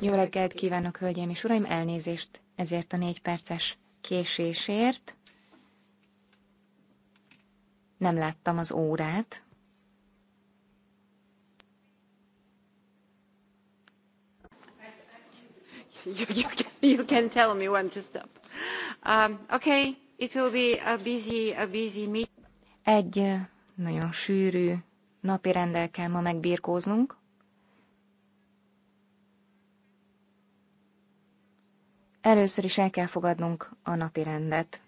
Jó reggelt kívánok, hölgyeim és uraim, elnézést ezért a négy perces késésért. Nem láttam az órát. You, you, can, you can tell me when to stop. Um, okay, it will be a busy, a busy meeting. Egy nagyon sűrű napi rendel kell ma megbírkóznunk. Először is el kell fogadnunk a napi rendet.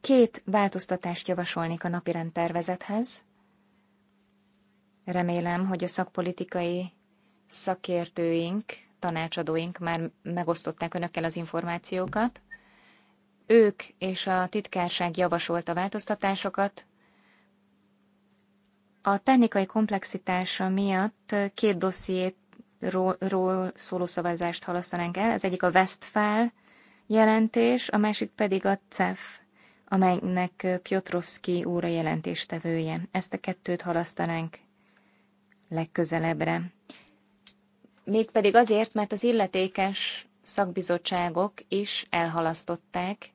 Két változtatást javasolnék a napi rendtervezethez. Remélem, hogy a szakpolitikai szakértőink, tanácsadóink már megosztották önökkel az információkat. Ők és a titkárság javasolta változtatásokat. A technikai komplexitása miatt két dossziét ról szóló szavazást halasztanánk el. Az egyik a Westfál jelentés, a másik pedig a CEF, amelynek Piotrowski úr a jelentéstevője. Ezt a kettőt halasztanánk legközelebbre. Mégpedig azért, mert az illetékes szakbizottságok is elhalasztották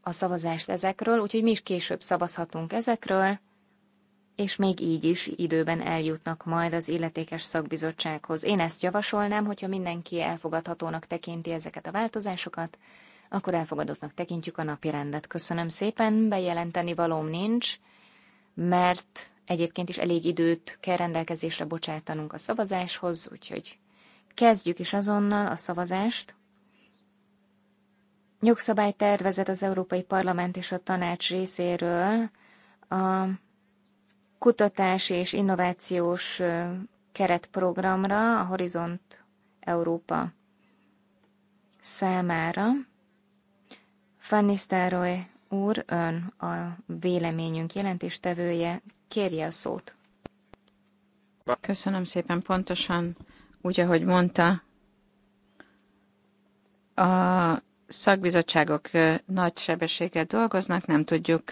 a szavazást ezekről, úgyhogy mi is később szavazhatunk ezekről, és még így is időben eljutnak majd az illetékes szakbizottsághoz. Én ezt javasolnám, hogyha mindenki elfogadhatónak tekinti ezeket a változásokat, akkor elfogadottnak tekintjük a napi rendet. Köszönöm szépen, bejelenteni valóm nincs, mert egyébként is elég időt kell rendelkezésre bocsátanunk a szavazáshoz, úgyhogy kezdjük is azonnal a szavazást. Nyugszabálytervezet az Európai Parlament és a Tanács részéről a kutatási és innovációs keretprogramra, a Horizont Európa számára. Van úr, ön a véleményünk jelentéstevője, kérje a szót. Köszönöm szépen, pontosan úgy, ahogy mondta, a szakbizottságok nagy sebességgel dolgoznak, nem tudjuk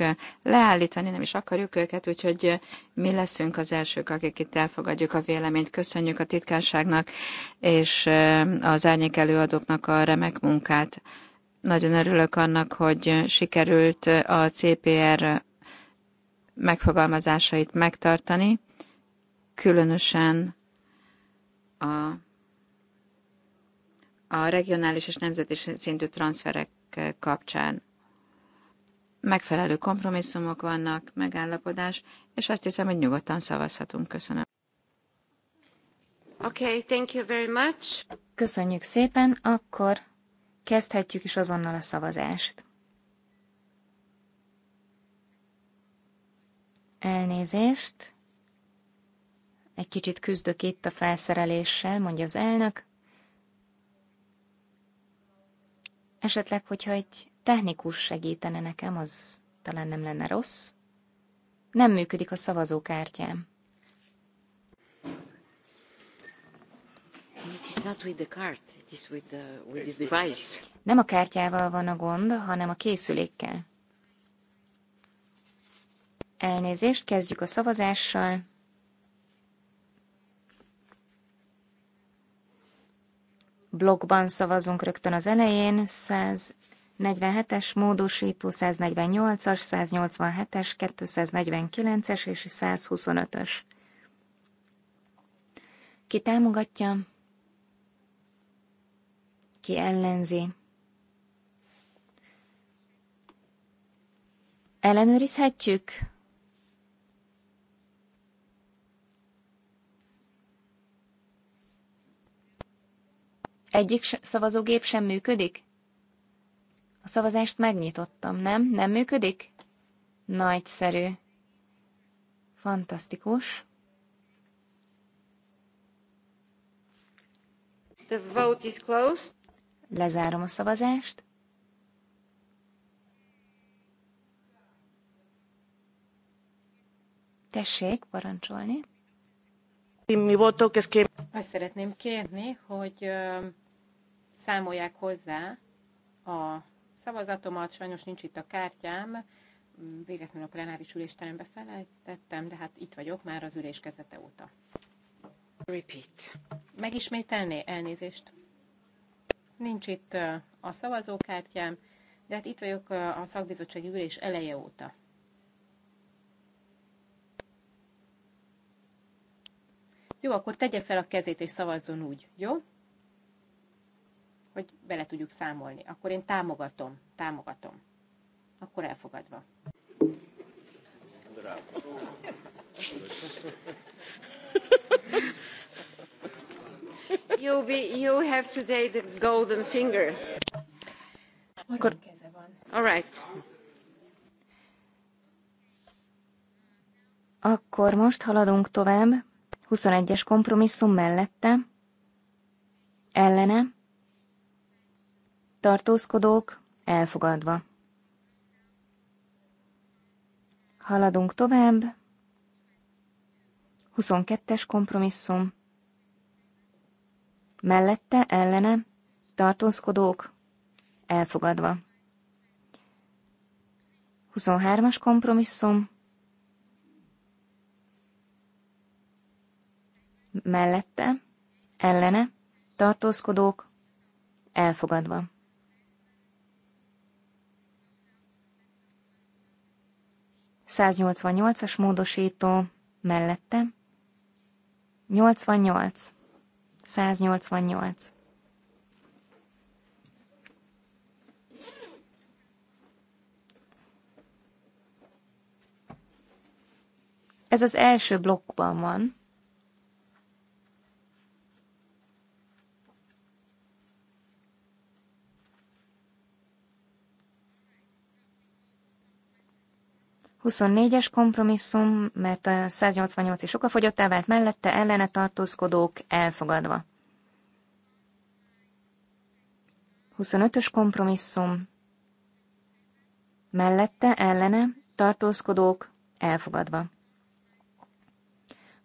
leállítani, nem is akarjuk őket, úgyhogy mi leszünk az elsők, akik itt elfogadjuk a véleményt. Köszönjük a titkárságnak és az árnyék előadóknak a remek munkát. Nagyon örülök annak, hogy sikerült a CPR megfogalmazásait megtartani, különösen a a regionális és nemzeti szintű transferek kapcsán. Megfelelő kompromisszumok vannak, megállapodás, és azt hiszem, hogy nyugodtan szavazhatunk. Köszönöm. Okay, thank you very much. Köszönjük szépen, akkor kezdhetjük is azonnal a szavazást. Elnézést. Egy kicsit küzdök itt a felszereléssel, mondja az elnök. Esetleg, hogyha egy technikus segítene nekem, az talán nem lenne rossz. Nem működik a szavazókártyám. Nem a kártyával van a gond, hanem a készülékkel. Elnézést, kezdjük a szavazással. blogban szavazunk rögtön az elején, 147-es módosító, 148-as, 187-es, 249-es és 125-ös. Ki támogatja? Ki ellenzi? Ellenőrizhetjük? Egyik szavazógép sem működik? A szavazást megnyitottam, nem? Nem működik? Nagyszerű. Fantasztikus. The vote is closed. Lezárom a szavazást. Tessék parancsolni. Azt szeretném kérni, hogy számolják hozzá a szavazatomat, sajnos nincs itt a kártyám, véletlenül a plenáris ülésterembe felejtettem, de hát itt vagyok már az ülés kezdete óta. Repeat. Megismételné elnézést. Nincs itt a szavazókártyám, de hát itt vagyok a szakbizottsági ülés eleje óta. Jó, akkor tegye fel a kezét és szavazzon úgy, jó? Hogy bele tudjuk számolni. Akkor én támogatom, támogatom. Akkor elfogadva. You, be, you have today the golden finger. Akkor... All right. Akkor most haladunk tovább. 21-es kompromisszum mellette, ellene, tartózkodók elfogadva. Haladunk tovább. 22-es kompromisszum. Mellette, ellene, tartózkodók elfogadva. 23-as kompromisszum mellette, ellene, tartózkodók, elfogadva. as módosító mellette, 88, 188. Ez az első blokkban van, 24-es kompromisszum, mert a 188 is okafogyottá vált mellette ellene tartózkodók elfogadva. 25-ös kompromisszum, mellette ellene tartózkodók elfogadva.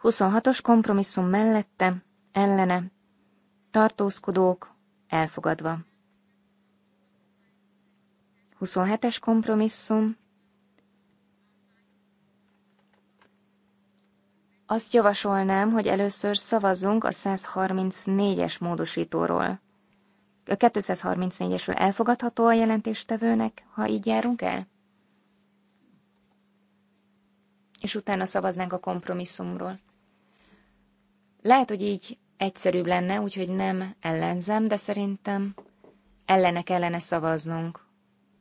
26-os kompromisszum mellette ellene tartózkodók elfogadva. 27-es kompromisszum Azt javasolnám, hogy először szavazzunk a 134-es módosítóról. A 234-esről elfogadható a jelentéstevőnek, ha így járunk el? És utána szavaznánk a kompromisszumról. Lehet, hogy így egyszerűbb lenne, úgyhogy nem ellenzem, de szerintem ellene kellene szavaznunk.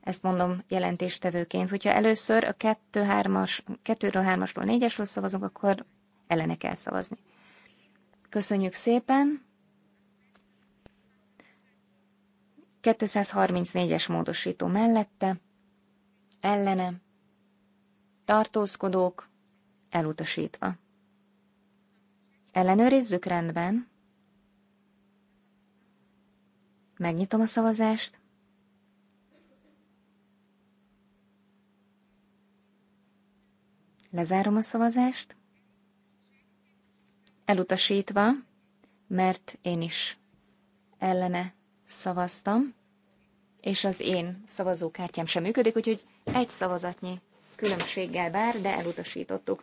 Ezt mondom jelentéstevőként, hogyha először a 2 3 asról 4-esről szavazunk, akkor ellene kell szavazni. Köszönjük szépen! 234-es módosító mellette, ellene, tartózkodók, elutasítva. Ellenőrizzük rendben. Megnyitom a szavazást. Lezárom a szavazást elutasítva, mert én is ellene szavaztam, és az én szavazókártyám sem működik, úgyhogy egy szavazatnyi különbséggel bár, de elutasítottuk.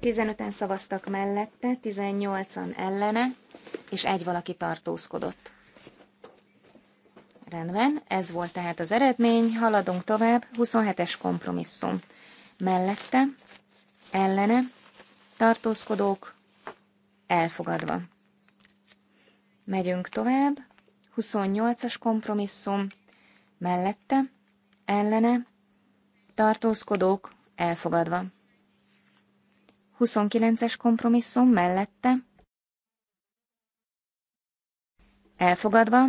Tizenöten szavaztak mellette, tizennyolcan ellene, és egy valaki tartózkodott. Rendben, ez volt tehát az eredmény, haladunk tovább, 27-es kompromisszum. Mellette, ellene, tartózkodók, elfogadva. Megyünk tovább, 28-as kompromisszum, mellette, ellene, tartózkodók, elfogadva. 29-es kompromisszum mellette, elfogadva,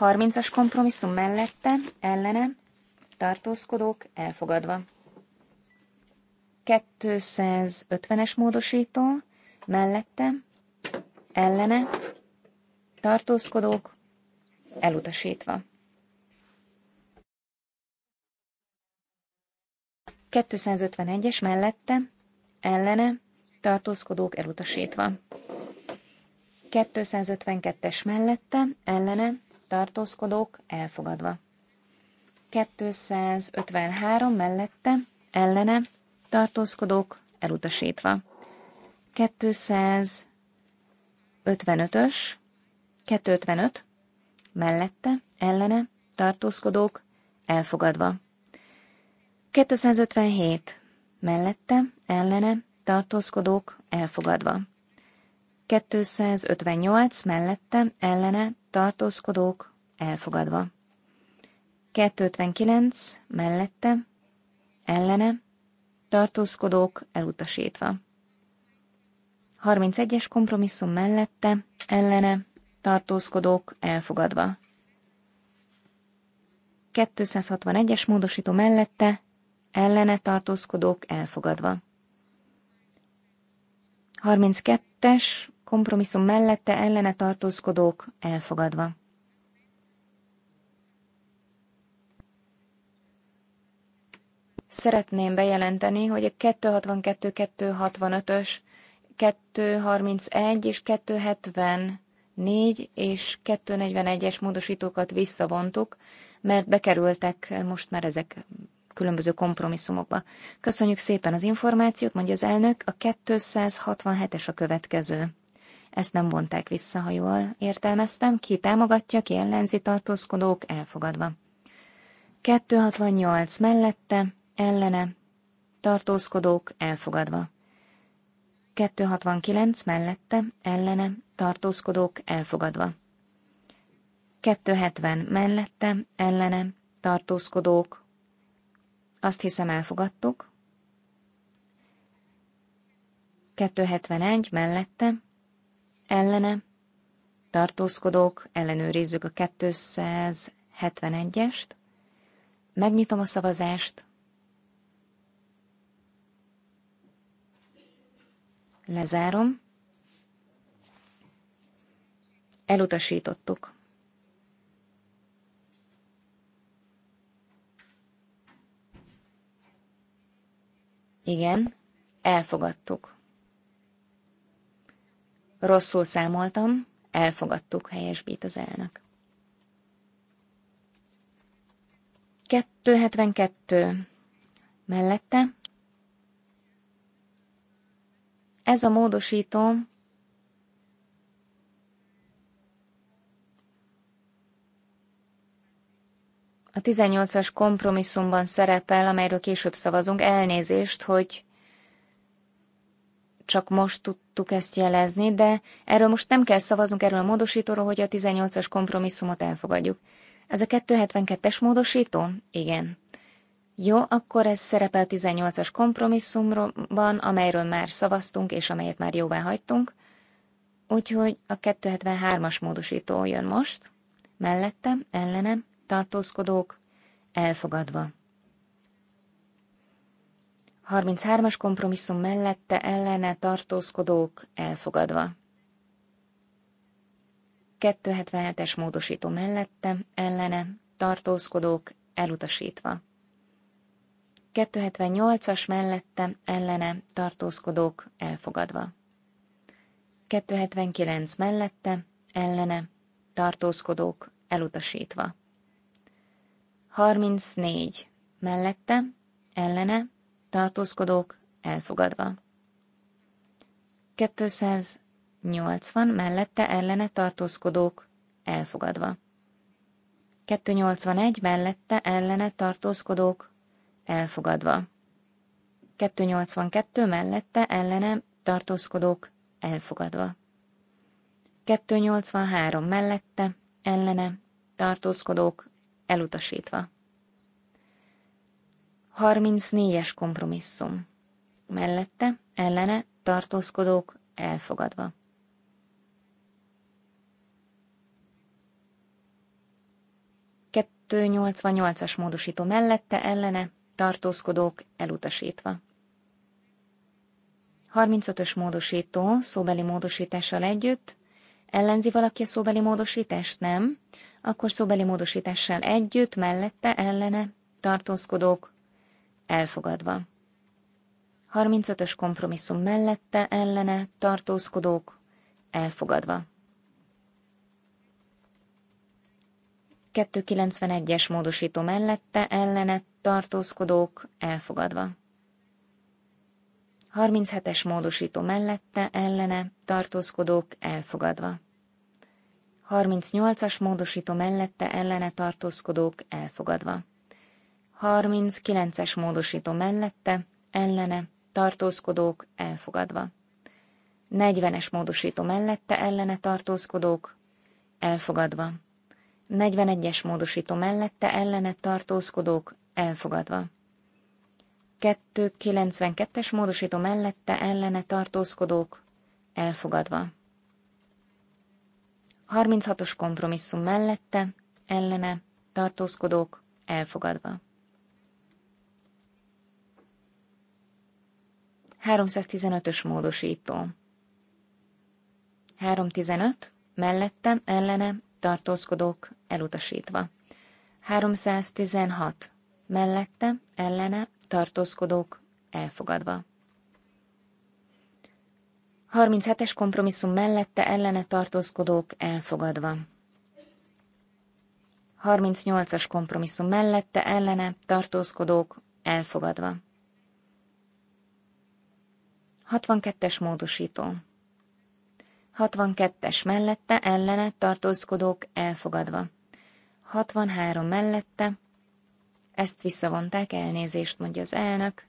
30-as kompromisszum mellette, ellene, tartózkodók elfogadva. 250-es módosító mellette, ellene, tartózkodók elutasítva. 251-es mellette, ellene, tartózkodók elutasítva. 252-es mellette, ellene, tartózkodók elfogadva. 253 mellette, ellene, tartózkodók elutasítva. 255-ös, 255, mellette, ellene, tartózkodók elfogadva. 257, mellette, ellene, tartózkodók elfogadva. 258 mellette, ellene, tartózkodók, elfogadva. 259 mellette, ellene, tartózkodók, elutasítva. 31-es kompromisszum mellette, ellene, tartózkodók, elfogadva. 261-es módosító mellette, ellene tartózkodók elfogadva. 32-es kompromisszum mellette ellene tartózkodók elfogadva. Szeretném bejelenteni, hogy a 262-265-ös, 231 és 274 és 241-es módosítókat visszavontuk, mert bekerültek most már ezek különböző kompromisszumokba. Köszönjük szépen az információt, mondja az elnök, a 267-es a következő. Ezt nem vonták vissza, ha jól értelmeztem, ki támogatja, ki ellenzi tartózkodók, elfogadva. 268 mellette, ellene, tartózkodók, elfogadva. 269 mellette, ellene, tartózkodók, elfogadva. 270 mellette, ellene, tartózkodók. Azt hiszem elfogadtuk. 271 mellette, ellene, tartózkodók, ellenőrizzük a 271-est, megnyitom a szavazást, lezárom, elutasítottuk. Igen, elfogadtuk. Rosszul számoltam, elfogadtuk, helyesbít az elnök. 272 mellette. Ez a módosító a 18-as kompromisszumban szerepel, amelyről később szavazunk, elnézést, hogy csak most tudtuk ezt jelezni, de erről most nem kell szavaznunk erről a módosítóról, hogy a 18-as kompromisszumot elfogadjuk. Ez a 272-es módosító? Igen. Jó, akkor ez szerepel 18-as kompromisszumban, amelyről már szavaztunk, és amelyet már jóvá hagytunk. Úgyhogy a 273-as módosító jön most, mellette, ellene, tartózkodók, elfogadva. 33-as kompromisszum mellette ellene tartózkodók elfogadva. 277-es módosító mellette ellene tartózkodók elutasítva. 278-as mellette ellene tartózkodók elfogadva. 279 mellette ellene tartózkodók elutasítva. 34 mellette ellene tartózkodók elfogadva. 280 mellette ellene tartózkodók elfogadva. 281 mellette ellene tartózkodók elfogadva. 282 mellette ellene tartózkodók elfogadva. 283 mellette ellene tartózkodók elutasítva. 34-es kompromisszum. Mellette, ellene, tartózkodók, elfogadva. Kettő 88-as módosító mellette, ellene, tartózkodók, elutasítva. 35-ös módosító, szóbeli módosítással együtt, ellenzi valaki a szóbeli módosítást, nem? Akkor szóbeli módosítással együtt, mellette, ellene, tartózkodók, elfogadva. 35-ös kompromisszum mellette, ellene, tartózkodók, elfogadva. 291-es módosító mellette, ellene, tartózkodók, elfogadva. 37-es módosító mellette, ellene, tartózkodók, elfogadva. 38-as módosító mellette, ellene, tartózkodók, elfogadva. 39-es módosító mellette, ellene, tartózkodók elfogadva. 40-es módosító mellette, ellene tartózkodók elfogadva. 41-es módosító mellette, ellene tartózkodók elfogadva. 292-es módosító mellette, ellene tartózkodók elfogadva. 36-os kompromisszum mellette, ellene tartózkodók elfogadva. 315-ös módosító. 315, mellettem, ellene, tartózkodók, elutasítva. 316, mellette, ellene, tartózkodók, elfogadva. 37-es kompromisszum mellette, ellene, tartózkodók, elfogadva. 38-as kompromisszum mellette, ellene, tartózkodók, elfogadva. 62-es módosító. 62-es mellette ellene tartózkodók elfogadva. 63 mellette. Ezt visszavonták, elnézést mondja az elnök.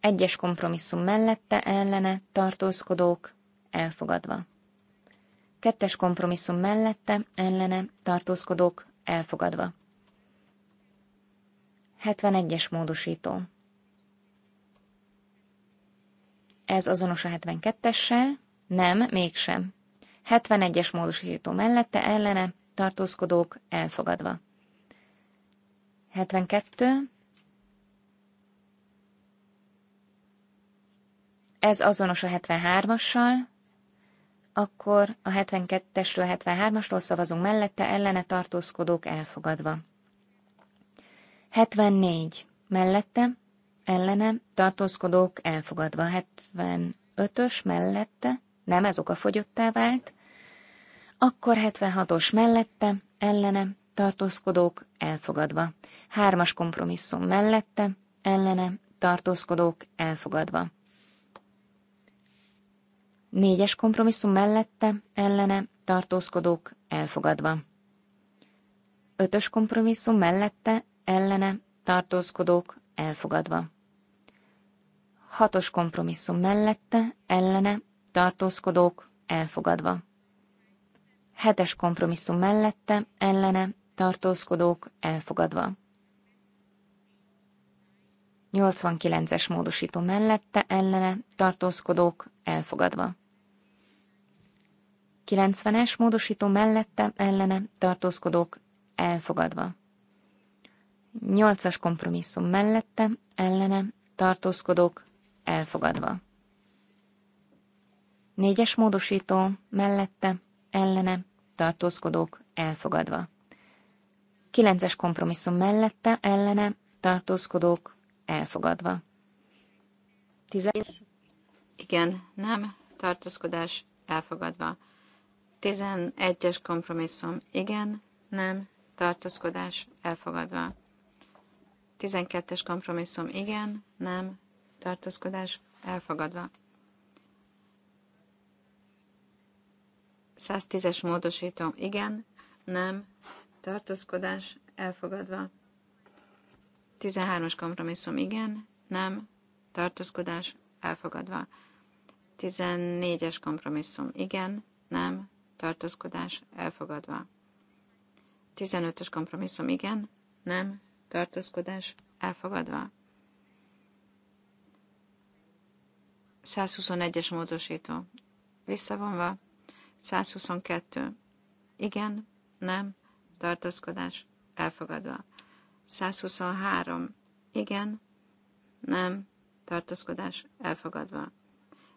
Egyes kompromisszum mellette ellene tartózkodók elfogadva. Kettes kompromisszum mellette ellene tartózkodók elfogadva. 71-es módosító. Ez azonos a 72-essel? Nem, mégsem. 71-es módosító mellette ellene tartózkodók elfogadva. 72. Ez azonos a 73-assal, akkor a 72-esről 73-asról szavazunk mellette ellene tartózkodók elfogadva. 74. Mellette ellene, tartózkodók elfogadva 75-ös mellette, nem ez fogyottá vált, akkor 76-os mellette, ellene, tartózkodók elfogadva, hármas kompromisszum mellette, ellene, tartózkodók elfogadva. Négyes kompromisszum mellette, ellene, tartózkodók elfogadva. Ötös kompromisszum mellette, ellene, tartózkodók elfogadva hatos kompromisszum mellette, ellene, tartózkodók, elfogadva. Hetes kompromisszum mellette, ellene, tartózkodók, elfogadva. 89-es módosító mellette, ellene, tartózkodók, elfogadva. 90-es módosító mellette, ellene, tartózkodók, elfogadva. 8-as kompromisszum mellette, ellene, tartózkodók, elfogadva. Négyes módosító, mellette, ellene, tartózkodók, elfogadva. Kilences kompromisszum mellette, ellene, tartózkodók, elfogadva. Tizen... Igen, nem, tartózkodás, elfogadva. Tizenegyes kompromisszum, igen, nem, tartózkodás, elfogadva. Tizenkettes kompromisszum, igen, nem, tartózkodás elfogadva. 110-es módosító, igen, nem, tartózkodás elfogadva. 13-as kompromisszum, igen, nem, tartózkodás elfogadva. 14-es kompromisszum, igen, nem, tartózkodás elfogadva. 15-ös kompromisszum, igen, nem, tartózkodás elfogadva. 121-es módosító. Visszavonva. 122. Igen, nem, tartózkodás, elfogadva. 123. Igen, nem, tartózkodás, elfogadva.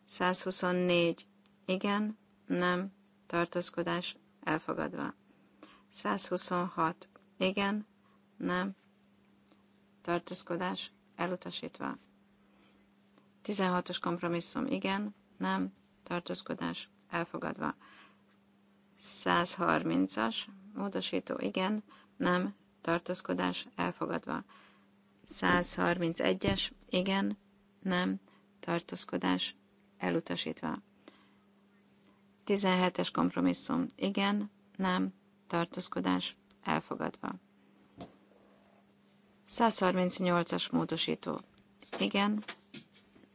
124. Igen, nem, tartózkodás, elfogadva. 126. Igen, nem, tartózkodás, elutasítva. 16-os kompromisszum igen, nem, tartózkodás elfogadva. 130-as módosító igen, nem, tartózkodás elfogadva. 131-es igen, nem, tartózkodás elutasítva. 17-es kompromisszum igen, nem, tartózkodás elfogadva. 138-as módosító igen,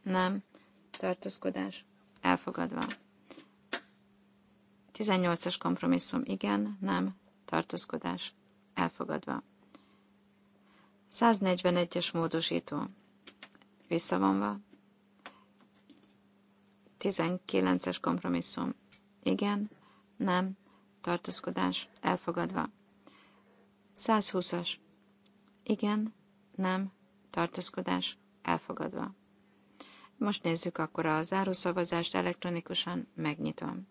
nem, tartózkodás, elfogadva. 18-as kompromisszum, igen, nem, tartózkodás, elfogadva. 141-es módosító, visszavonva. 19-es kompromisszum, igen, nem, tartózkodás, elfogadva. 120-as, igen, nem, tartózkodás, elfogadva. Most nézzük akkor a zárószavazást elektronikusan, megnyitom.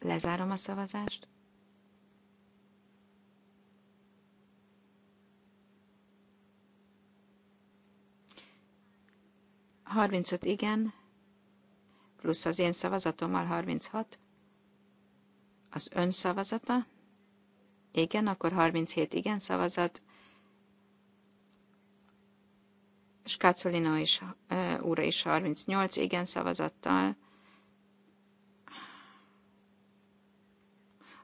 Lezárom a szavazást. Harmincöt igen, plusz az én szavazatommal 36, az ön szavazata igen, akkor 37 igen szavazat, Skácolino is, úra is 38 igen szavazattal,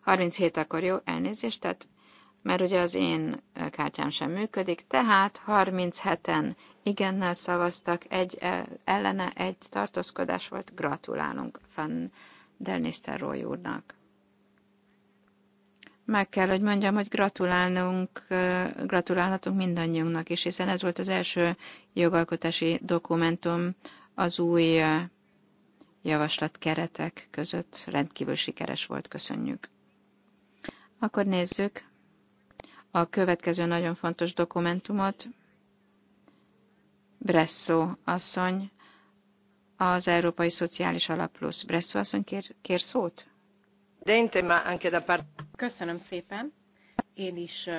37 akkor jó, elnézést, tehát mert ugye az én kártyám sem működik, tehát 37-en igennel szavaztak, egy ellene, egy tartózkodás volt. Gratulálunk Van der úrnak meg kell, hogy mondjam, hogy gratulálnunk, gratulálhatunk mindannyiunknak is, hiszen ez volt az első jogalkotási dokumentum az új javaslat keretek között. Rendkívül sikeres volt, köszönjük. Akkor nézzük a következő nagyon fontos dokumentumot. Bresszó asszony, az Európai Szociális Alap Plusz. Bresszó asszony, kér, kér szót? Köszönöm szépen. Én is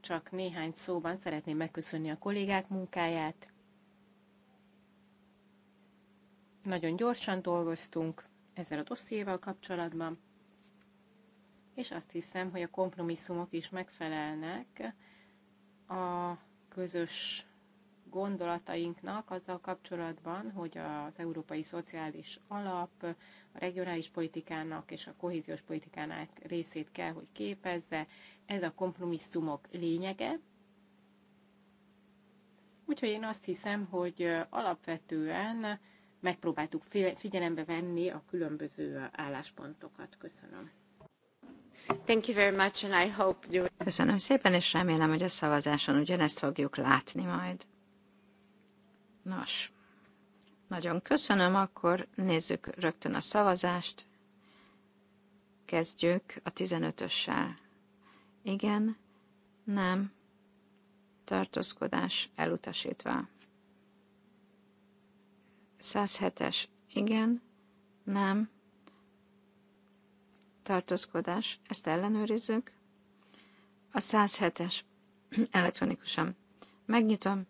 csak néhány szóban szeretném megköszönni a kollégák munkáját. Nagyon gyorsan dolgoztunk ezzel a dossziéval kapcsolatban, és azt hiszem, hogy a kompromisszumok is megfelelnek a közös gondolatainknak azzal kapcsolatban, hogy az európai szociális alap a regionális politikának és a kohéziós politikának részét kell, hogy képezze. Ez a kompromisszumok lényege. Úgyhogy én azt hiszem, hogy alapvetően megpróbáltuk figyelembe venni a különböző álláspontokat. Köszönöm. Thank you very much, and I hope you... Köszönöm szépen, és remélem, hogy a szavazáson ugyanezt fogjuk látni majd. Nos, nagyon köszönöm, akkor nézzük rögtön a szavazást. Kezdjük a 15-össel. Igen, nem, tartózkodás elutasítva. 107-es, igen, nem, tartózkodás, ezt ellenőrizzük. A 107-es elektronikusan. Megnyitom.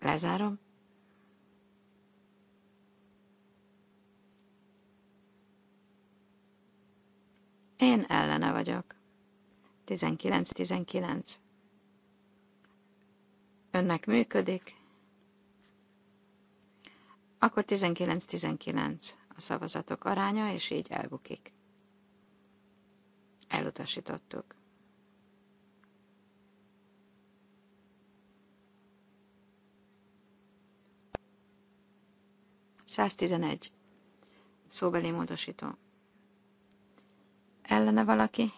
Lezárom. Én ellene vagyok. 19-19. Önnek működik. Akkor 19-19 a szavazatok aránya, és így elbukik. Elutasítottuk. 111. Szóbeli módosító. Ellene valaki?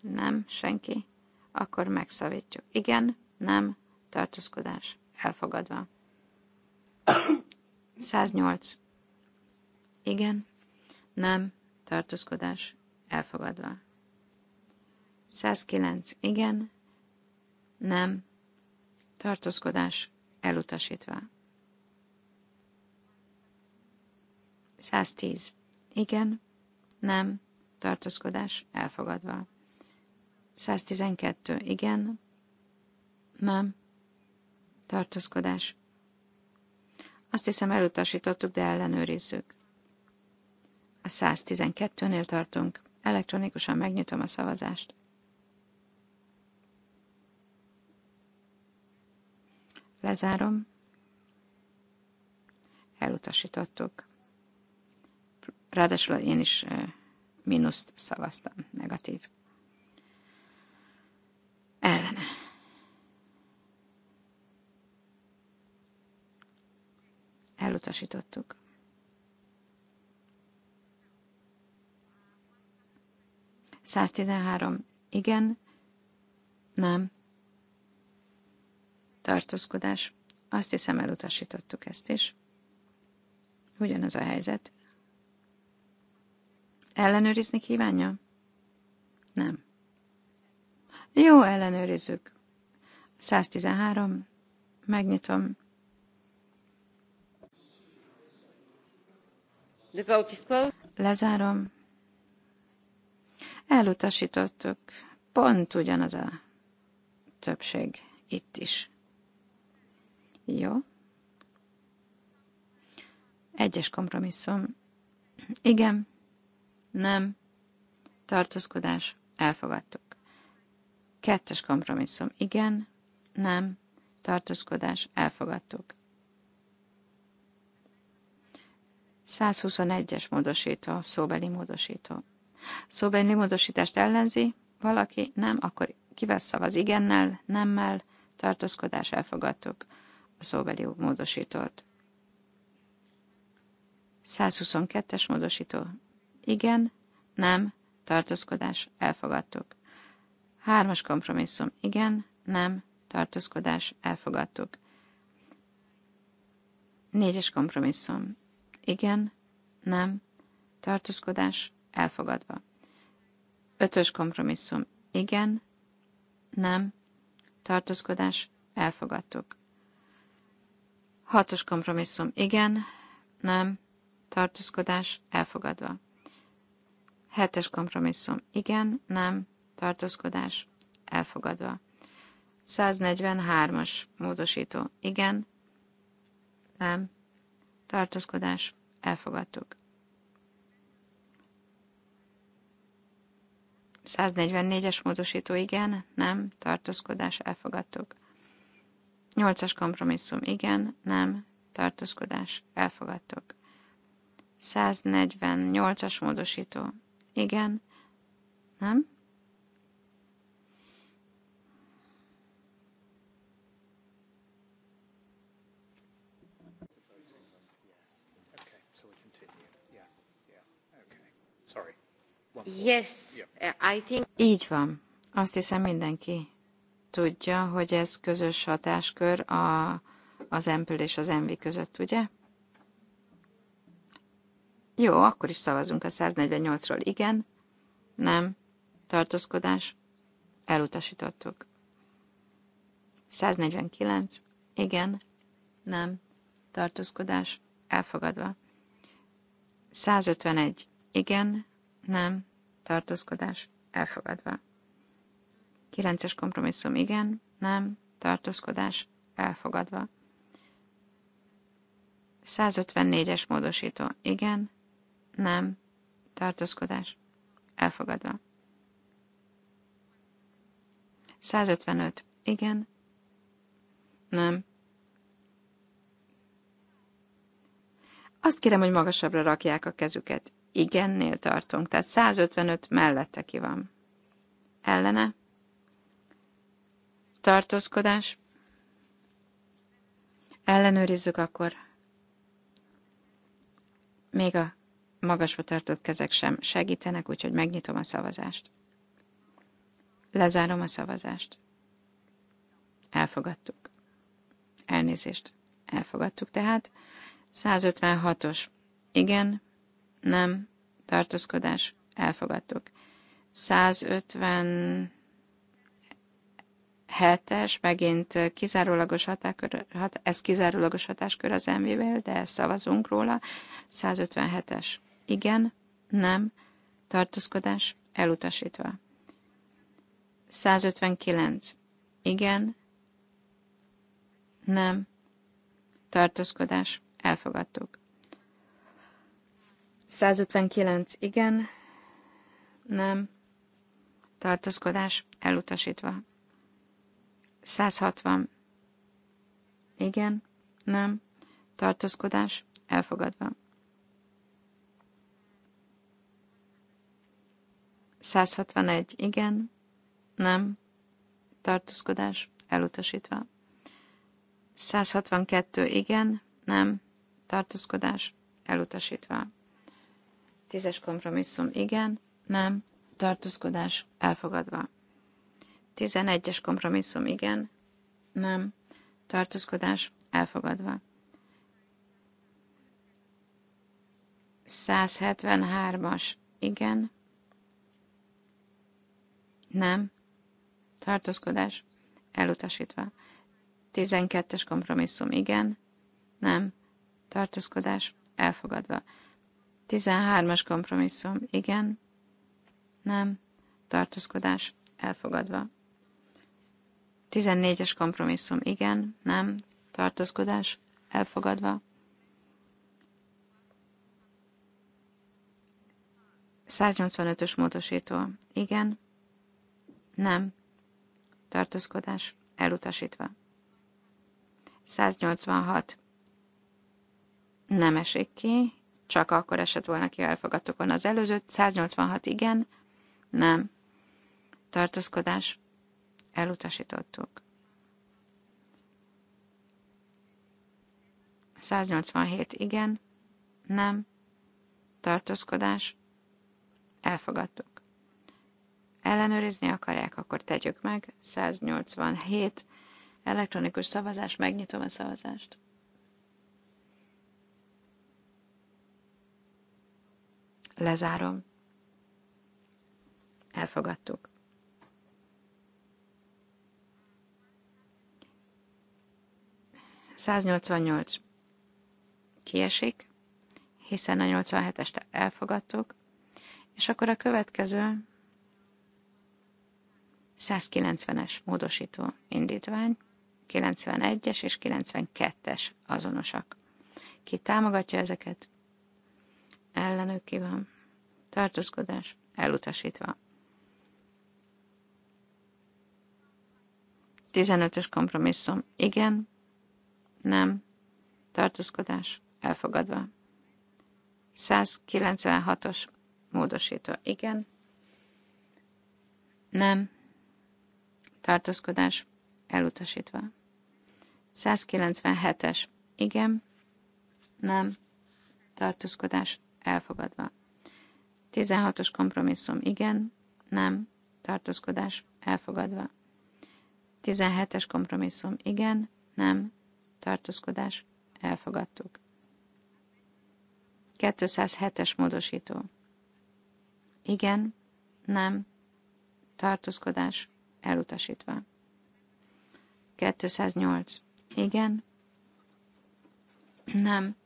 Nem, senki. Akkor megszavítjuk. Igen, nem, tartózkodás. Elfogadva. 108. Igen, nem, tartózkodás. Elfogadva. 109. Igen, nem, tartózkodás. Elutasítva. 110. Igen, nem, tartózkodás elfogadva. 112. Igen, nem, tartózkodás. Azt hiszem elutasítottuk, de ellenőrizzük. A 112-nél tartunk. Elektronikusan megnyitom a szavazást. Lezárom. Elutasítottuk. Ráadásul én is mínuszt szavaztam, negatív. Ellene. Elutasítottuk. Száztizenhárom. Igen. Nem. Tartózkodás. Azt hiszem elutasítottuk ezt is. Ugyanaz a helyzet. Ellenőrizni kívánja? Nem. Jó, ellenőrizzük. 113. Megnyitom. The vote is closed. Lezárom. Elutasítottuk. Pont ugyanaz a többség itt is. Jó. Egyes kompromisszum. Igen nem, tartózkodás, elfogadtuk. Kettes kompromisszum, igen, nem, tartózkodás, elfogadtuk. 121-es módosító, szóbeli módosító. Szóbeli módosítást ellenzi, valaki nem, akkor kivel szavaz igennel, nemmel, tartózkodás, elfogadtuk a szóbeli módosítót. 122-es módosító igen, nem, tartózkodás, elfogadtuk. Hármas kompromisszum. Igen, nem, tartózkodás, elfogadtuk. Négyes kompromisszum. Igen, nem, tartózkodás, elfogadva. Ötös kompromisszum. Igen, nem, tartózkodás, elfogadtuk. Hatos kompromisszum. Igen, nem, tartózkodás, elfogadva. Hetes kompromisszum. Igen, nem, tartózkodás, elfogadva. 143-as módosító. Igen, nem, tartózkodás, elfogadtuk. 144-es módosító. Igen, nem, tartózkodás, elfogadtuk. 8-as kompromisszum. Igen, nem, tartózkodás, elfogadtuk. 148-as módosító. Igen. Nem? Yes, I think... Így van. Azt hiszem mindenki tudja, hogy ez közös hatáskör a, az Empül és az Envi között, ugye? Jó, akkor is szavazunk a 148-ról. Igen, nem, tartózkodás, elutasítottuk. 149, igen, nem, tartózkodás, elfogadva. 151, igen, nem, tartózkodás, elfogadva. 9-es kompromisszum, igen, nem, tartózkodás, elfogadva. 154-es módosító, igen, nem. Tartózkodás. Elfogadva. 155. Igen. Nem. Azt kérem, hogy magasabbra rakják a kezüket. Igennél tartunk, tehát 155 mellette ki van. Ellene? Tartózkodás? Ellenőrizzük akkor. Még a magasba tartott kezek sem segítenek, úgyhogy megnyitom a szavazást. Lezárom a szavazást. Elfogadtuk. Elnézést. Elfogadtuk tehát. 156-os. Igen. Nem. Tartózkodás. Elfogadtuk. 150 es megint kizárólagos hatákör, hat, ez kizárólagos hatáskör az MV-vel, de szavazunk róla, 157-es. Igen, nem, tartózkodás, elutasítva. 159. Igen, nem, tartózkodás, elfogadtuk. 159. Igen, nem, tartózkodás, elutasítva. 160. Igen, nem, tartózkodás, elfogadva. 161. Igen. Nem. Tartózkodás. Elutasítva. 162. Igen. Nem. Tartózkodás. Elutasítva. Tízes kompromisszum. Igen. Nem. Tartózkodás. Elfogadva. 11-es kompromisszum. Igen. Nem. Tartózkodás. Elfogadva. 173-as. Igen nem. Tartózkodás. Elutasítva. 12-es kompromisszum. Igen. Nem. Tartózkodás. Elfogadva. 13-as kompromisszum. Igen. Nem. Tartózkodás. Elfogadva. 14-es kompromisszum. Igen. Nem. Tartózkodás. Elfogadva. 185-ös módosító. Igen. Nem. Tartózkodás. Elutasítva. 186. Nem esik ki. Csak akkor esett volna ki, ha elfogadtuk volna az előzőt. 186 igen. Nem. Tartózkodás. Elutasítottuk. 187 igen. Nem. Tartózkodás. Elfogadtuk ellenőrizni akarják, akkor tegyük meg. 187 elektronikus szavazás, megnyitom a szavazást. Lezárom. Elfogadtuk. nyolc Kiesik, hiszen a 87-est elfogadtuk, és akkor a következő 190-es módosító indítvány, 91-es és 92-es azonosak. Ki támogatja ezeket? Ellenük ki van. Tartózkodás elutasítva. 15-ös kompromisszum. Igen, nem, tartózkodás elfogadva. 196-os módosító. Igen, nem, tartózkodás elutasítva. 197-es, igen, nem, tartózkodás elfogadva. 16-os kompromisszum, igen, nem, tartózkodás elfogadva. 17-es kompromisszum, igen, nem, tartózkodás elfogadtuk. 207-es módosító. Igen, nem, tartózkodás elutasítva. 208. Igen. Nem.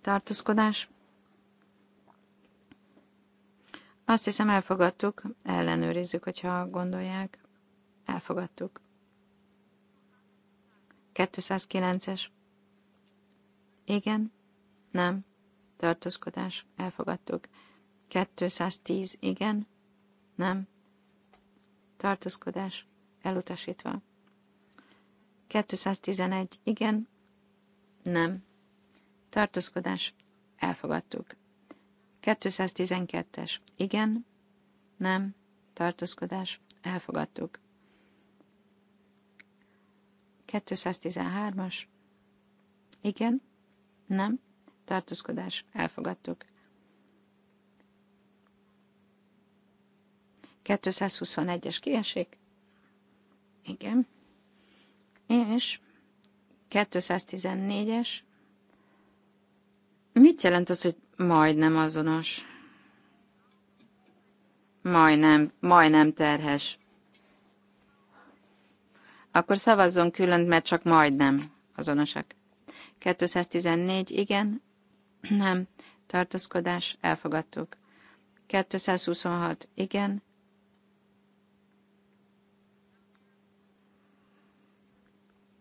Tartózkodás. Azt hiszem elfogadtuk, ellenőrizzük, hogyha gondolják. Elfogadtuk. 209-es. Igen. Nem. Tartózkodás. Elfogadtuk. 210. Igen. Nem tartózkodás elutasítva. 211. Igen, nem. Tartózkodás elfogadtuk. 212-es. Igen, nem. Tartózkodás elfogadtuk. 213-as. Igen, nem. Tartózkodás elfogadtuk. 221-es kiesik. Igen. És 214-es. Mit jelent az, hogy majdnem azonos? Majdnem, majdnem terhes. Akkor szavazzon külön, mert csak majdnem azonosak. 214, igen, nem, tartózkodás, elfogadtuk. 226, igen,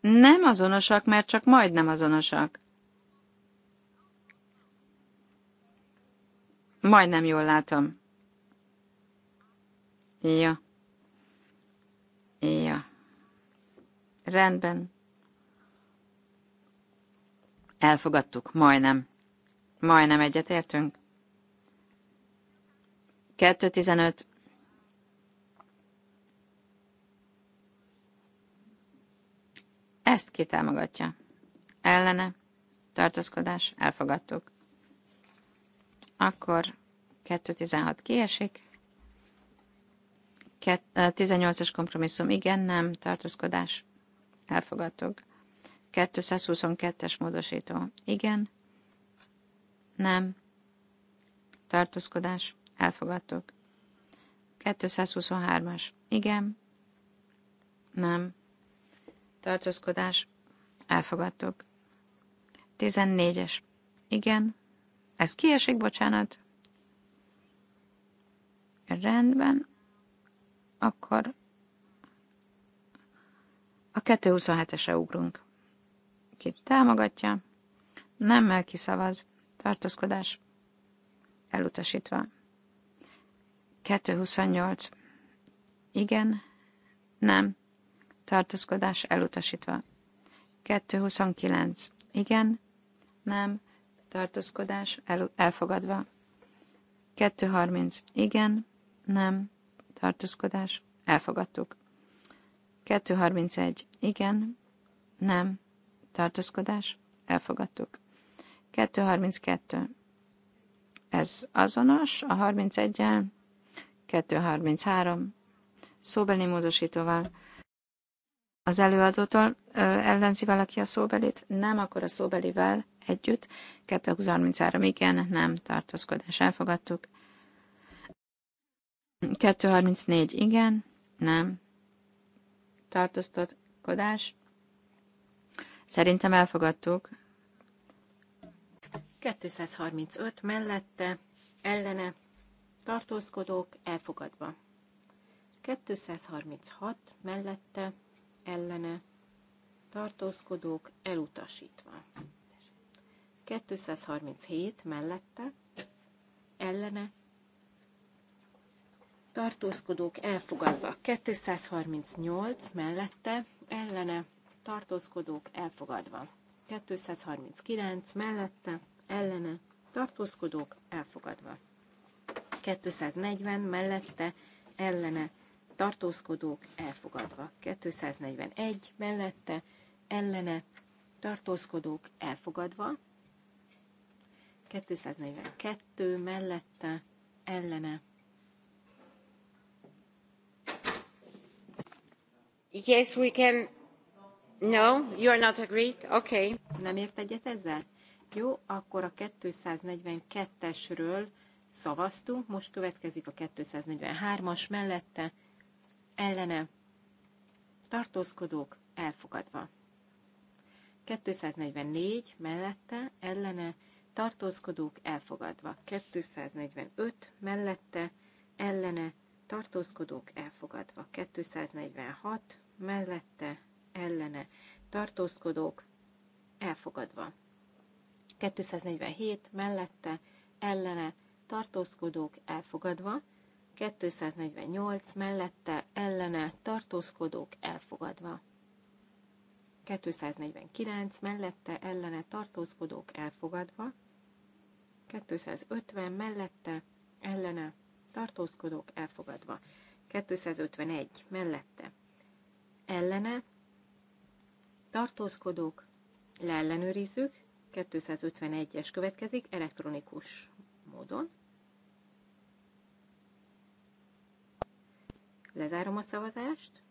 Nem azonosak, mert csak majdnem azonosak. Majdnem jól látom. Ja. Ja. Rendben. Elfogadtuk, majdnem. Majdnem egyetértünk. 2.15. Ezt ki támogatja? Ellene? Tartózkodás? Elfogadtuk. Akkor 2.16 kiesik. 18-as kompromisszum igen, nem, tartózkodás. Elfogadtuk. 222-es módosító. Igen. Nem. Tartózkodás. Elfogadtuk. 223-as. Igen. Nem tartózkodás, elfogadtuk. 14-es, igen, ez kiesik, bocsánat. Rendben, akkor a 227-esre ugrunk. Ki támogatja, nemmel kiszavaz, tartózkodás elutasítva. 228. Igen, nem, tartózkodás elutasítva. 229. Igen, nem, tartózkodás el, elfogadva. 230. Igen, nem, tartózkodás elfogadtuk. 231. Igen, nem, tartózkodás elfogadtuk. 232. Ez azonos a 31-el, 233 szóbeli módosítóval az előadótól ellenzi valaki a szóbelit? Nem, akkor a szóbelivel együtt. 233 igen, nem, tartózkodás elfogadtuk. 234 igen, nem, tartózkodás. Szerintem elfogadtuk. 235 mellette, ellene, tartózkodók elfogadva. 236 mellette, ellene tartózkodók elutasítva. 237 mellette ellene tartózkodók elfogadva. 238 mellette ellene tartózkodók elfogadva. 239 mellette ellene tartózkodók elfogadva. 240 mellette ellene tartózkodók elfogadva. 241 mellette, ellene, tartózkodók elfogadva. 242 mellette, ellene. Yes, we can... No, you are not agreed? Okay. Nem ért egyet ezzel? Jó, akkor a 242-esről szavaztunk, most következik a 243-as mellette, ellene tartózkodók elfogadva. 244 mellette ellene tartózkodók elfogadva. 245 mellette ellene tartózkodók elfogadva. 246 mellette ellene tartózkodók elfogadva. 247 mellette ellene tartózkodók elfogadva. 248 mellette ellene tartózkodók elfogadva. 249 mellette ellene tartózkodók elfogadva. 250 mellette ellene tartózkodók elfogadva. 251 mellette ellene tartózkodók leellenőrizzük. 251-es következik elektronikus módon. Lezárom a szavazást.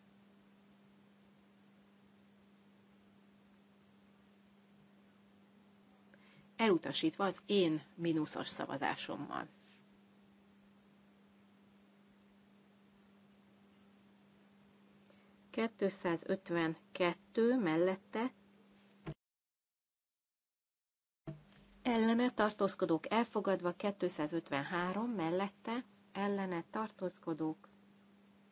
Elutasítva az én mínuszos szavazásommal. kettő mellette ellene tartózkodók elfogadva 253 mellette ellene tartózkodók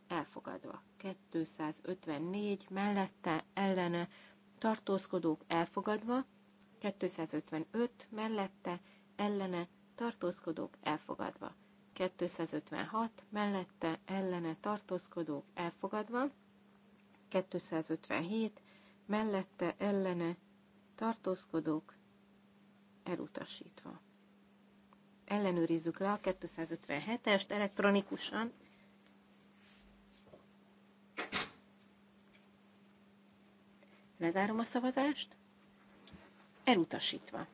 elfogadva. 254 mellette ellene tartózkodók elfogadva, 255 mellette ellene tartózkodók elfogadva, 256 mellette ellene tartózkodók elfogadva, 257 mellette ellene tartózkodók elutasítva. Ellenőrizzük le a 257-est elektronikusan, Lezárom a szavazást. Elutasítva.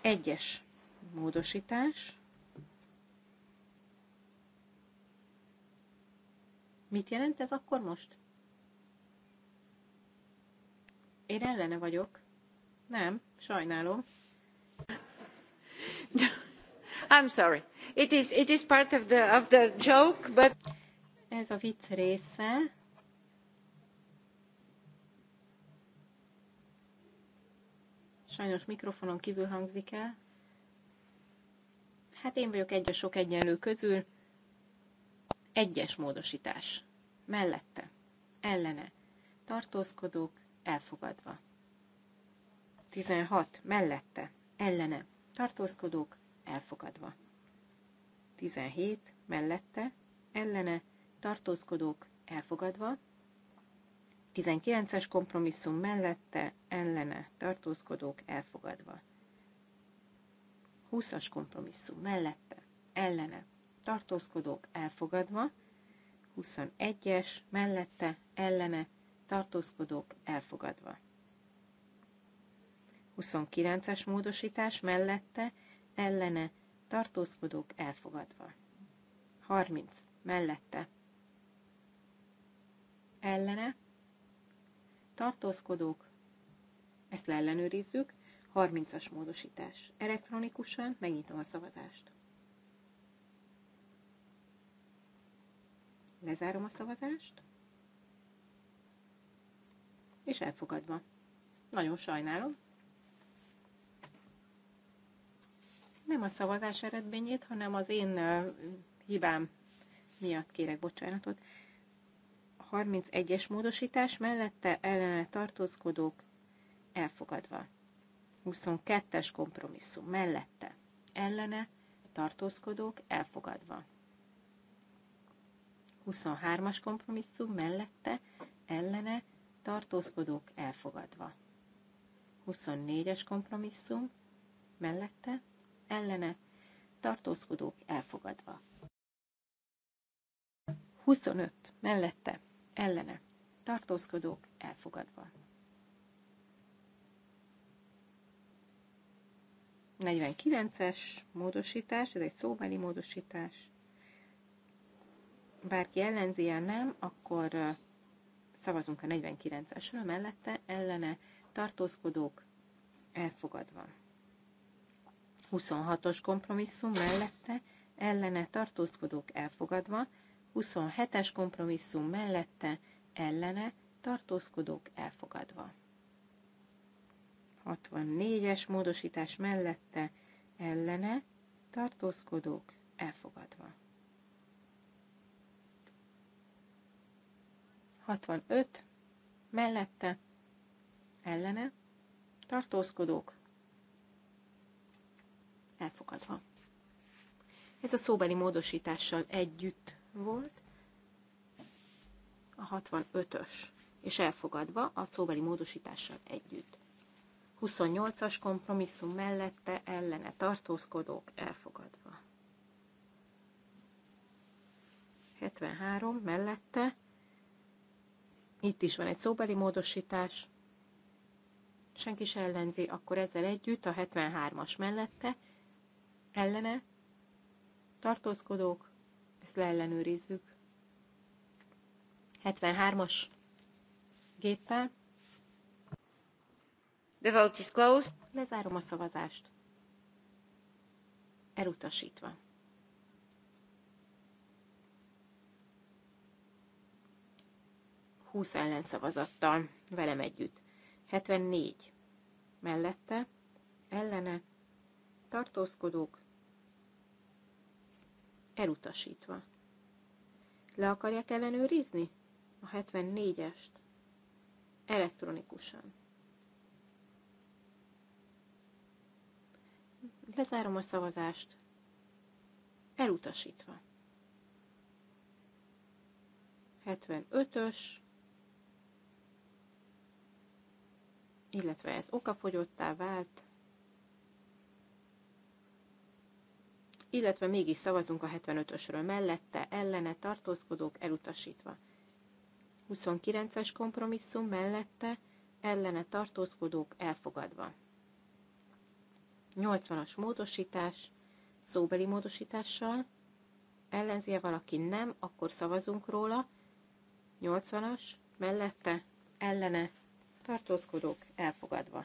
Egyes módosítás. Mit jelent ez akkor most? Én ellene vagyok. Nem, sajnálom. I'm sorry. It is, it is part of the, of the joke, but... Ez a vicc része. Sajnos mikrofonon kívül hangzik el. Hát én vagyok egy a sok egyenlő közül. Egyes módosítás. Mellette. Ellene. Tartózkodók. Elfogadva. 16. Mellette. Ellene. Tartózkodók. Elfogadva. 17. Mellette. Ellene tartózkodók elfogadva, 19-es kompromisszum mellette ellene tartózkodók elfogadva. 20-as kompromisszum mellette ellene tartózkodók elfogadva, 21-es mellette ellene tartózkodók elfogadva. 29-es módosítás mellette ellene tartózkodók elfogadva. 30 mellette ellene, tartózkodók, ezt leellenőrizzük, 30-as módosítás. Elektronikusan megnyitom a szavazást. Lezárom a szavazást, és elfogadva. Nagyon sajnálom. Nem a szavazás eredményét, hanem az én hibám miatt kérek bocsánatot. 31-es módosítás mellette ellene tartózkodók elfogadva. 22-es kompromisszum mellette ellene tartózkodók elfogadva. 23-as kompromisszum mellette ellene tartózkodók elfogadva. 24-es kompromisszum mellette ellene tartózkodók elfogadva. 25 mellette ellene tartózkodók elfogadva. 49-es módosítás, ez egy szóbeli módosítás. Bárki ellenzi, el nem, akkor szavazunk a 49-esről, mellette ellene tartózkodók elfogadva. 26-os kompromisszum mellette ellene tartózkodók elfogadva, 27-es kompromisszum mellette ellene tartózkodók elfogadva. 64-es módosítás mellette ellene tartózkodók elfogadva. 65 mellette ellene tartózkodók elfogadva. Ez a szóbeli módosítással együtt volt, a 65-ös, és elfogadva a szóbeli módosítással együtt. 28-as kompromisszum mellette ellene tartózkodók elfogadva. 73 mellette itt is van egy szóbeli módosítás, senki se ellenzi, akkor ezzel együtt a 73-as mellette ellene tartózkodók ezt leellenőrizzük. 73-as géppel. The vote is closed. Lezárom a szavazást. Elutasítva. Húsz ellenszavazattal velem együtt. 74 mellette, ellene, tartózkodók, elutasítva. Le akarják ellenőrizni? A 74-est. Elektronikusan. Lezárom a szavazást. Elutasítva. 75-ös. Illetve ez okafogyottá vált. illetve mégis szavazunk a 75-ösről mellette, ellene tartózkodók elutasítva. 29-es kompromisszum mellette, ellene tartózkodók elfogadva. 80-as módosítás, szóbeli módosítással, ellenzi -e valaki nem, akkor szavazunk róla, 80-as, mellette, ellene, tartózkodók elfogadva.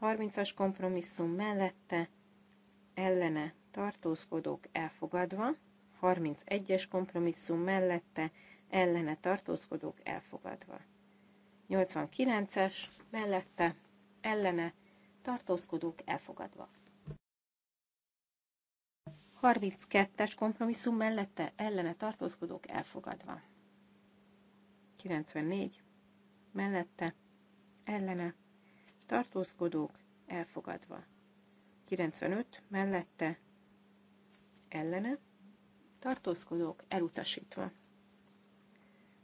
30-as kompromisszum mellette, ellene, tartózkodók elfogadva, 31-es kompromisszum mellette, ellene tartózkodók elfogadva. 89-es mellette, ellene tartózkodók elfogadva. 32-es kompromisszum mellette, ellene tartózkodók elfogadva. 94 mellette, ellene tartózkodók elfogadva. 95 mellette, ellene, tartózkodók elutasítva.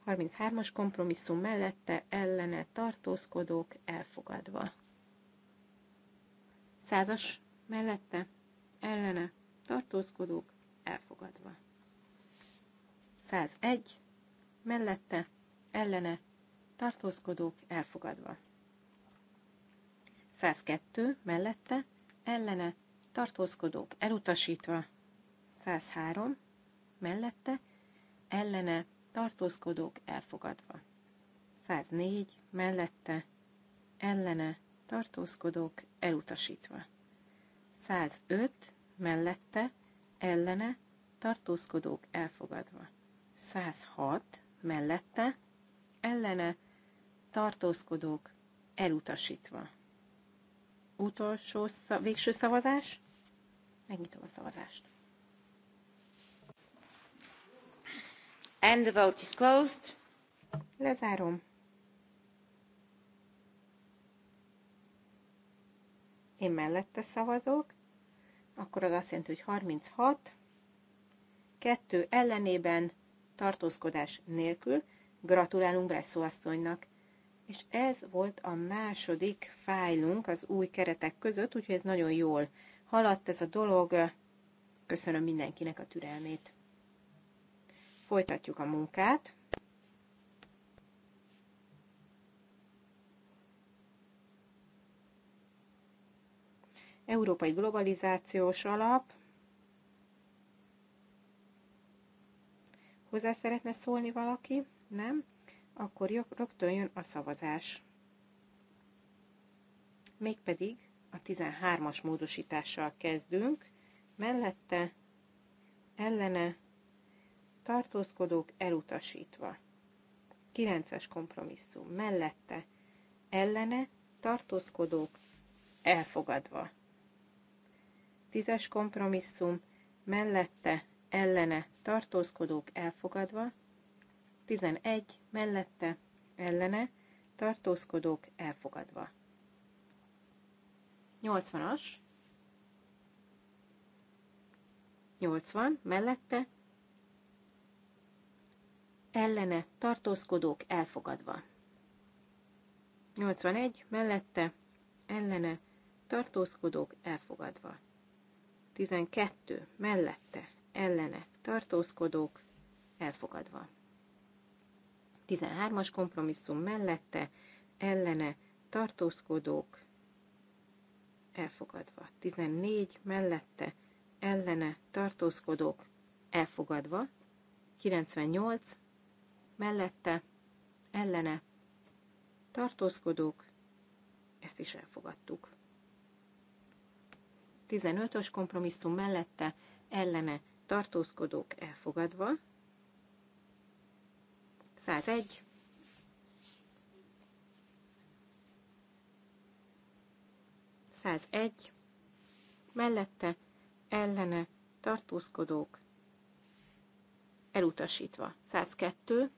33-as kompromisszum mellette ellene tartózkodók elfogadva. 100-as mellette ellene tartózkodók elfogadva. 101 mellette ellene tartózkodók elfogadva. 102 mellette ellene tartózkodók elutasítva. 103 mellette, ellene tartózkodók elfogadva. 104 mellette, ellene tartózkodók elutasítva. 105 mellette, ellene tartózkodók elfogadva. 106 mellette, ellene tartózkodók elutasítva. Utolsó, végső szavazás. Megnyitom a szavazást. And the vote is closed. Lezárom. Én mellette szavazok. Akkor az azt jelenti, hogy 36. Kettő ellenében tartózkodás nélkül. Gratulálunk Bresszó asszonynak. És ez volt a második fájlunk az új keretek között, úgyhogy ez nagyon jól haladt ez a dolog. Köszönöm mindenkinek a türelmét. Folytatjuk a munkát. Európai Globalizációs Alap. Hozzá szeretne szólni valaki? Nem? Akkor rögtön jön a szavazás. Mégpedig a 13-as módosítással kezdünk, mellette, ellene, tartózkodók elutasítva. 9-es kompromisszum mellette, ellene, tartózkodók elfogadva. 10-es kompromisszum mellette, ellene, tartózkodók elfogadva. 11 mellette, ellene, tartózkodók elfogadva. 80-as, 80 mellette, ellene tartózkodók elfogadva. 81 mellette ellene tartózkodók elfogadva. 12 mellette ellene tartózkodók elfogadva. 13-as kompromisszum mellette ellene tartózkodók elfogadva. 14 mellette ellene tartózkodók elfogadva. 98 mellette, ellene, tartózkodók, ezt is elfogadtuk. 15-ös kompromisszum mellette, ellene, tartózkodók elfogadva, 101, egy mellette, ellene, tartózkodók, elutasítva. 102,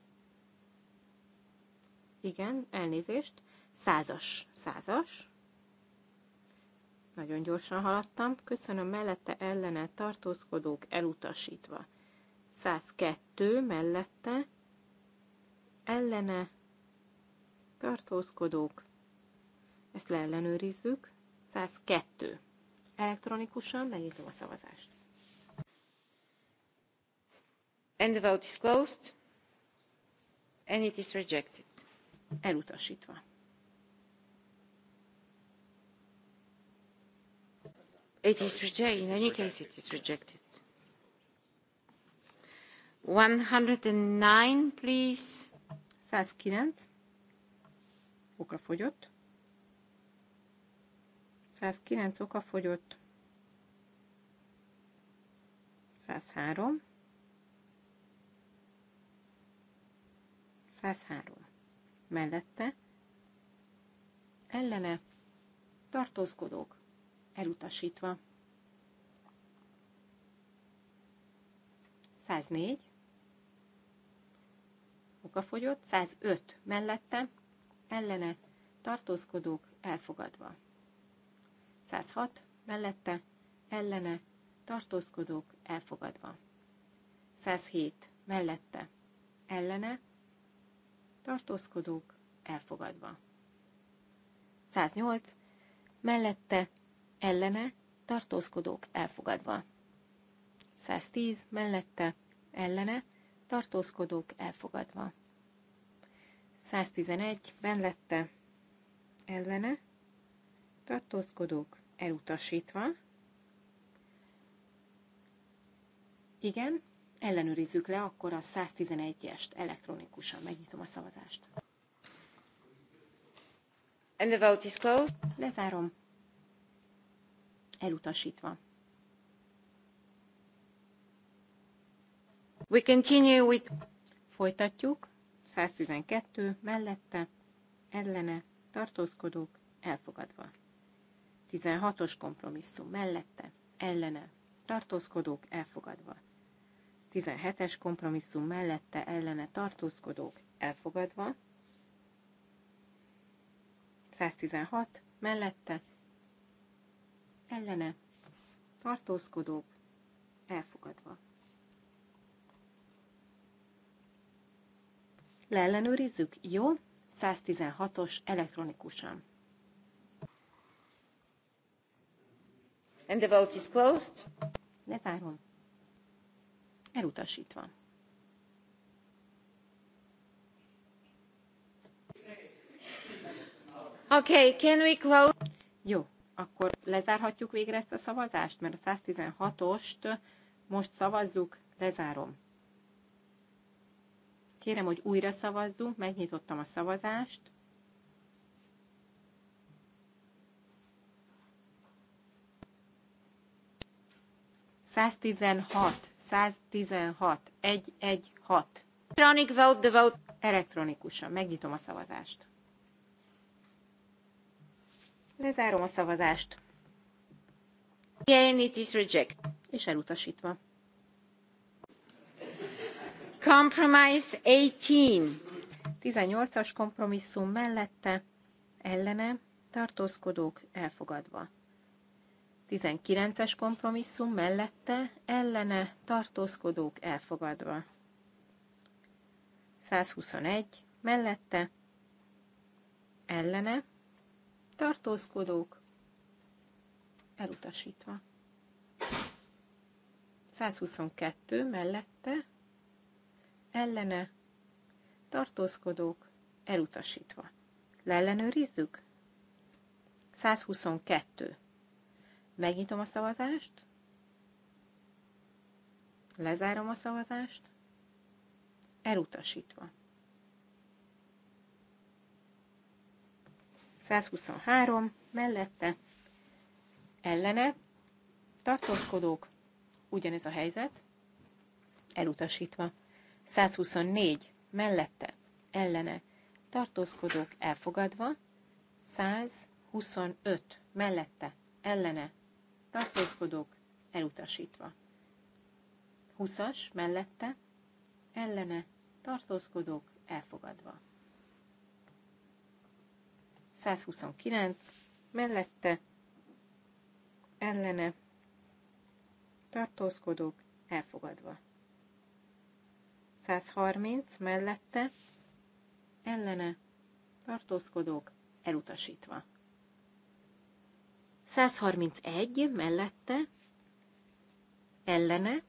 igen, elnézést, százas, százas. Nagyon gyorsan haladtam. Köszönöm mellette ellene tartózkodók elutasítva. 102 mellette ellene tartózkodók. Ezt leellenőrizzük. 102. Elektronikusan megnyitom a szavazást. And the vote is closed. And it is rejected elutasítva. It is rejected. In any case, it is rejected. 109, please. 109. Oka fogyott. 109 oka fogyott. 103. 103 mellette, ellene, tartózkodók, elutasítva. 104, okafogyott, 105 mellette, ellene, tartózkodók, elfogadva. 106 mellette, ellene, tartózkodók, elfogadva. 107 mellette, ellene, tartózkodók, elfogadva. 108. Mellette, ellene, tartózkodók, elfogadva. 110. Mellette, ellene, tartózkodók, elfogadva. 111. Mellette, ellene, tartózkodók, elutasítva. Igen, ellenőrizzük le akkor a 111-est elektronikusan. Megnyitom a szavazást. And the vote is closed. Lezárom. Elutasítva. We continue with... Folytatjuk. 112 mellette, ellene, tartózkodók, elfogadva. 16-os kompromisszum mellette, ellene, tartózkodók, elfogadva. 17-es kompromisszum mellette ellene tartózkodók elfogadva, 116 mellette ellene tartózkodók elfogadva. Leellenőrizzük? Jó, 116-os elektronikusan. And the vote is closed. Lezárom. Elutasítva. Okay, can we close? Jó, akkor lezárhatjuk végre ezt a szavazást, mert a 116-ost most szavazzuk, lezárom. Kérem, hogy újra szavazzunk, megnyitottam a szavazást. hot. 116, 116. Electronic vote, the vote. Elektronikusan megnyitom a szavazást. Lezárom a szavazást. Again, it is reject. És elutasítva. Compromise 18. 18-as kompromisszum mellette, ellene, tartózkodók elfogadva. 19-es kompromisszum mellette ellene tartózkodók elfogadva. 121 mellette ellene tartózkodók elutasítva. 122 mellette ellene tartózkodók elutasítva. Leellenőrizzük? 122 Megnyitom a szavazást. Lezárom a szavazást. Elutasítva. 123 mellette ellene tartózkodók, ugyanez a helyzet, elutasítva. 124 mellette ellene tartózkodók elfogadva, 125 mellette ellene tartózkodók elutasítva. 20-as mellette, ellene, tartózkodók elfogadva. 129 mellette, ellene, tartózkodók elfogadva. 130 mellette, ellene, tartózkodók elutasítva. 131 mellette, ellene,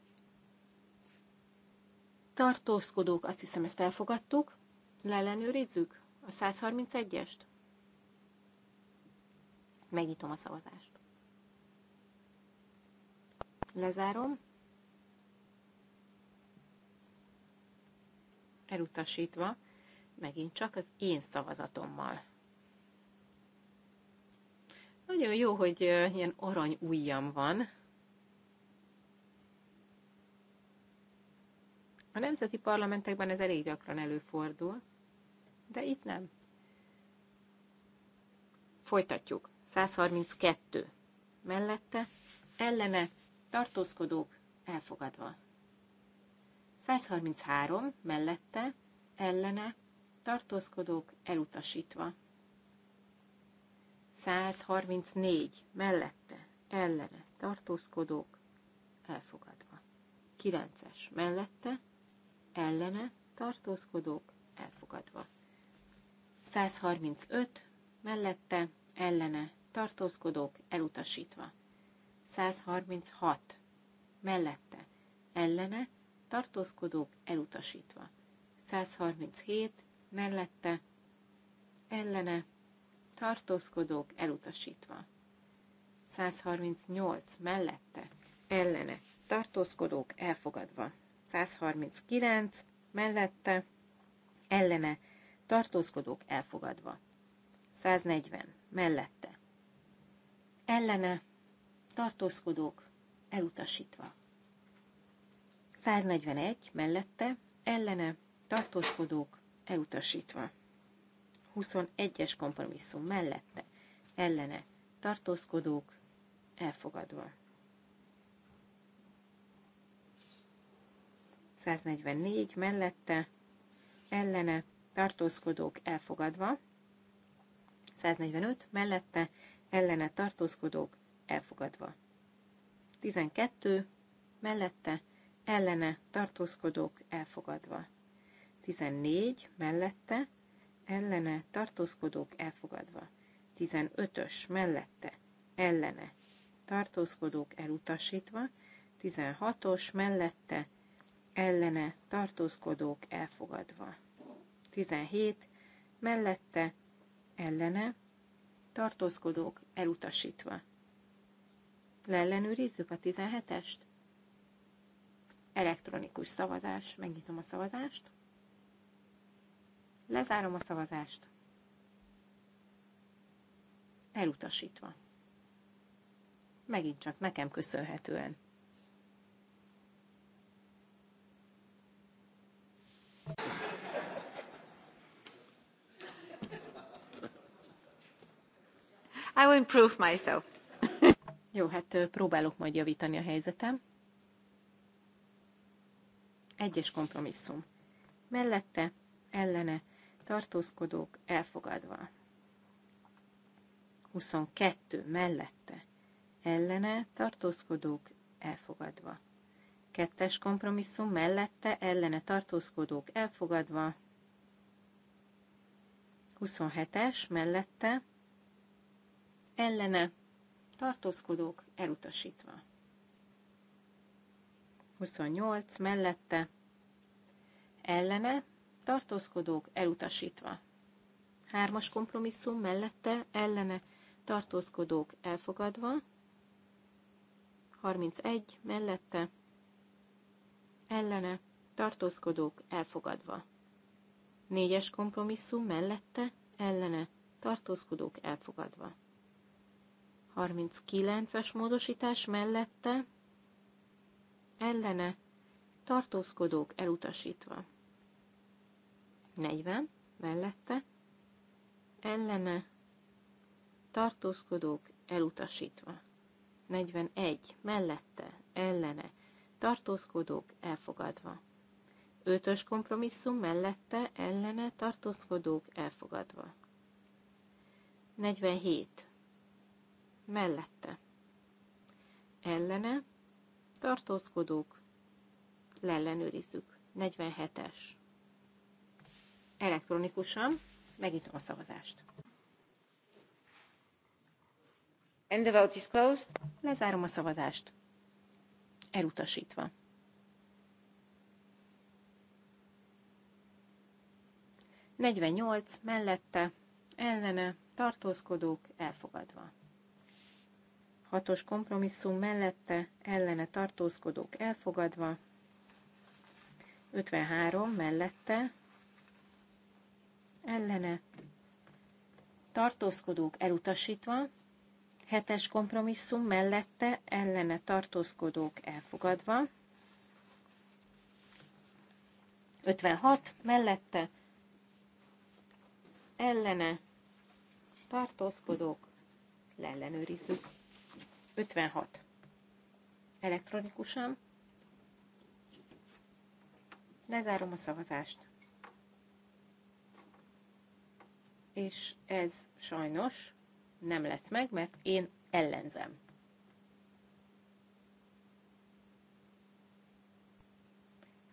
tartózkodók, azt hiszem ezt elfogadtuk, leellenőrizzük a 131-est. Megnyitom a szavazást. Lezárom. Elutasítva, megint csak az én szavazatommal nagyon jó, hogy ilyen arany ujjam van. A nemzeti parlamentekben ez elég gyakran előfordul, de itt nem. Folytatjuk. 132. Mellette, ellene, tartózkodók, elfogadva. 133. Mellette, ellene, tartózkodók, elutasítva. 134 mellette, ellene, tartózkodók, elfogadva. 9-es mellette, ellene, tartózkodók, elfogadva. 135 mellette, ellene, tartózkodók, elutasítva. 136 mellette, ellene, tartózkodók, elutasítva. 137 mellette, ellene, tartózkodók elutasítva. 138 mellette, ellene, tartózkodók elfogadva. 139 mellette, ellene, tartózkodók elfogadva. 140 mellette, ellene, tartózkodók elutasítva. 141 mellette, ellene, tartózkodók elutasítva. 21-es kompromisszum mellette, ellene, tartózkodók, elfogadva. 144 mellette, ellene, tartózkodók, elfogadva. 145 mellette, ellene, tartózkodók, elfogadva. 12 mellette, ellene, tartózkodók, elfogadva. 14 mellette, ellene tartózkodók elfogadva. 15-ös mellette ellene tartózkodók elutasítva. 16-os mellette ellene tartózkodók elfogadva. 17 mellette ellene tartózkodók elutasítva. Leellenőrizzük a 17-est. Elektronikus szavazás. Megnyitom a szavazást. Lezárom a szavazást. Elutasítva. Megint csak nekem köszönhetően. I will improve myself. Jó, hát próbálok majd javítani a helyzetem. Egyes kompromisszum. Mellette, ellene, tartózkodók elfogadva. 22 mellette ellene tartózkodók elfogadva. Kettes kompromisszum mellette ellene tartózkodók elfogadva. 27-es mellette ellene tartózkodók elutasítva. 28 mellette ellene tartózkodók elutasítva. Hármas kompromisszum mellette ellene tartózkodók elfogadva. 31 mellette ellene tartózkodók elfogadva. Négyes kompromisszum mellette ellene tartózkodók elfogadva. 39-es módosítás mellette ellene tartózkodók elutasítva. 40 mellette, ellene tartózkodók elutasítva. 41 mellette, ellene tartózkodók elfogadva. 5-ös kompromisszum mellette, ellene tartózkodók elfogadva. 47 mellette, ellene tartózkodók leellenőrizzük. 47-es elektronikusan. Megnyitom a szavazást. And the vote is closed. Lezárom a szavazást. Elutasítva. Negyvennyolc mellette, ellene, tartózkodók, elfogadva. Hatos kompromisszum mellette, ellene, tartózkodók, elfogadva. 53 mellette, ellene tartózkodók elutasítva, hetes kompromisszum mellette ellene tartózkodók elfogadva, 56 mellette ellene tartózkodók leellenőrizzük. 56 elektronikusan. Lezárom a szavazást. és ez sajnos nem lesz meg, mert én ellenzem.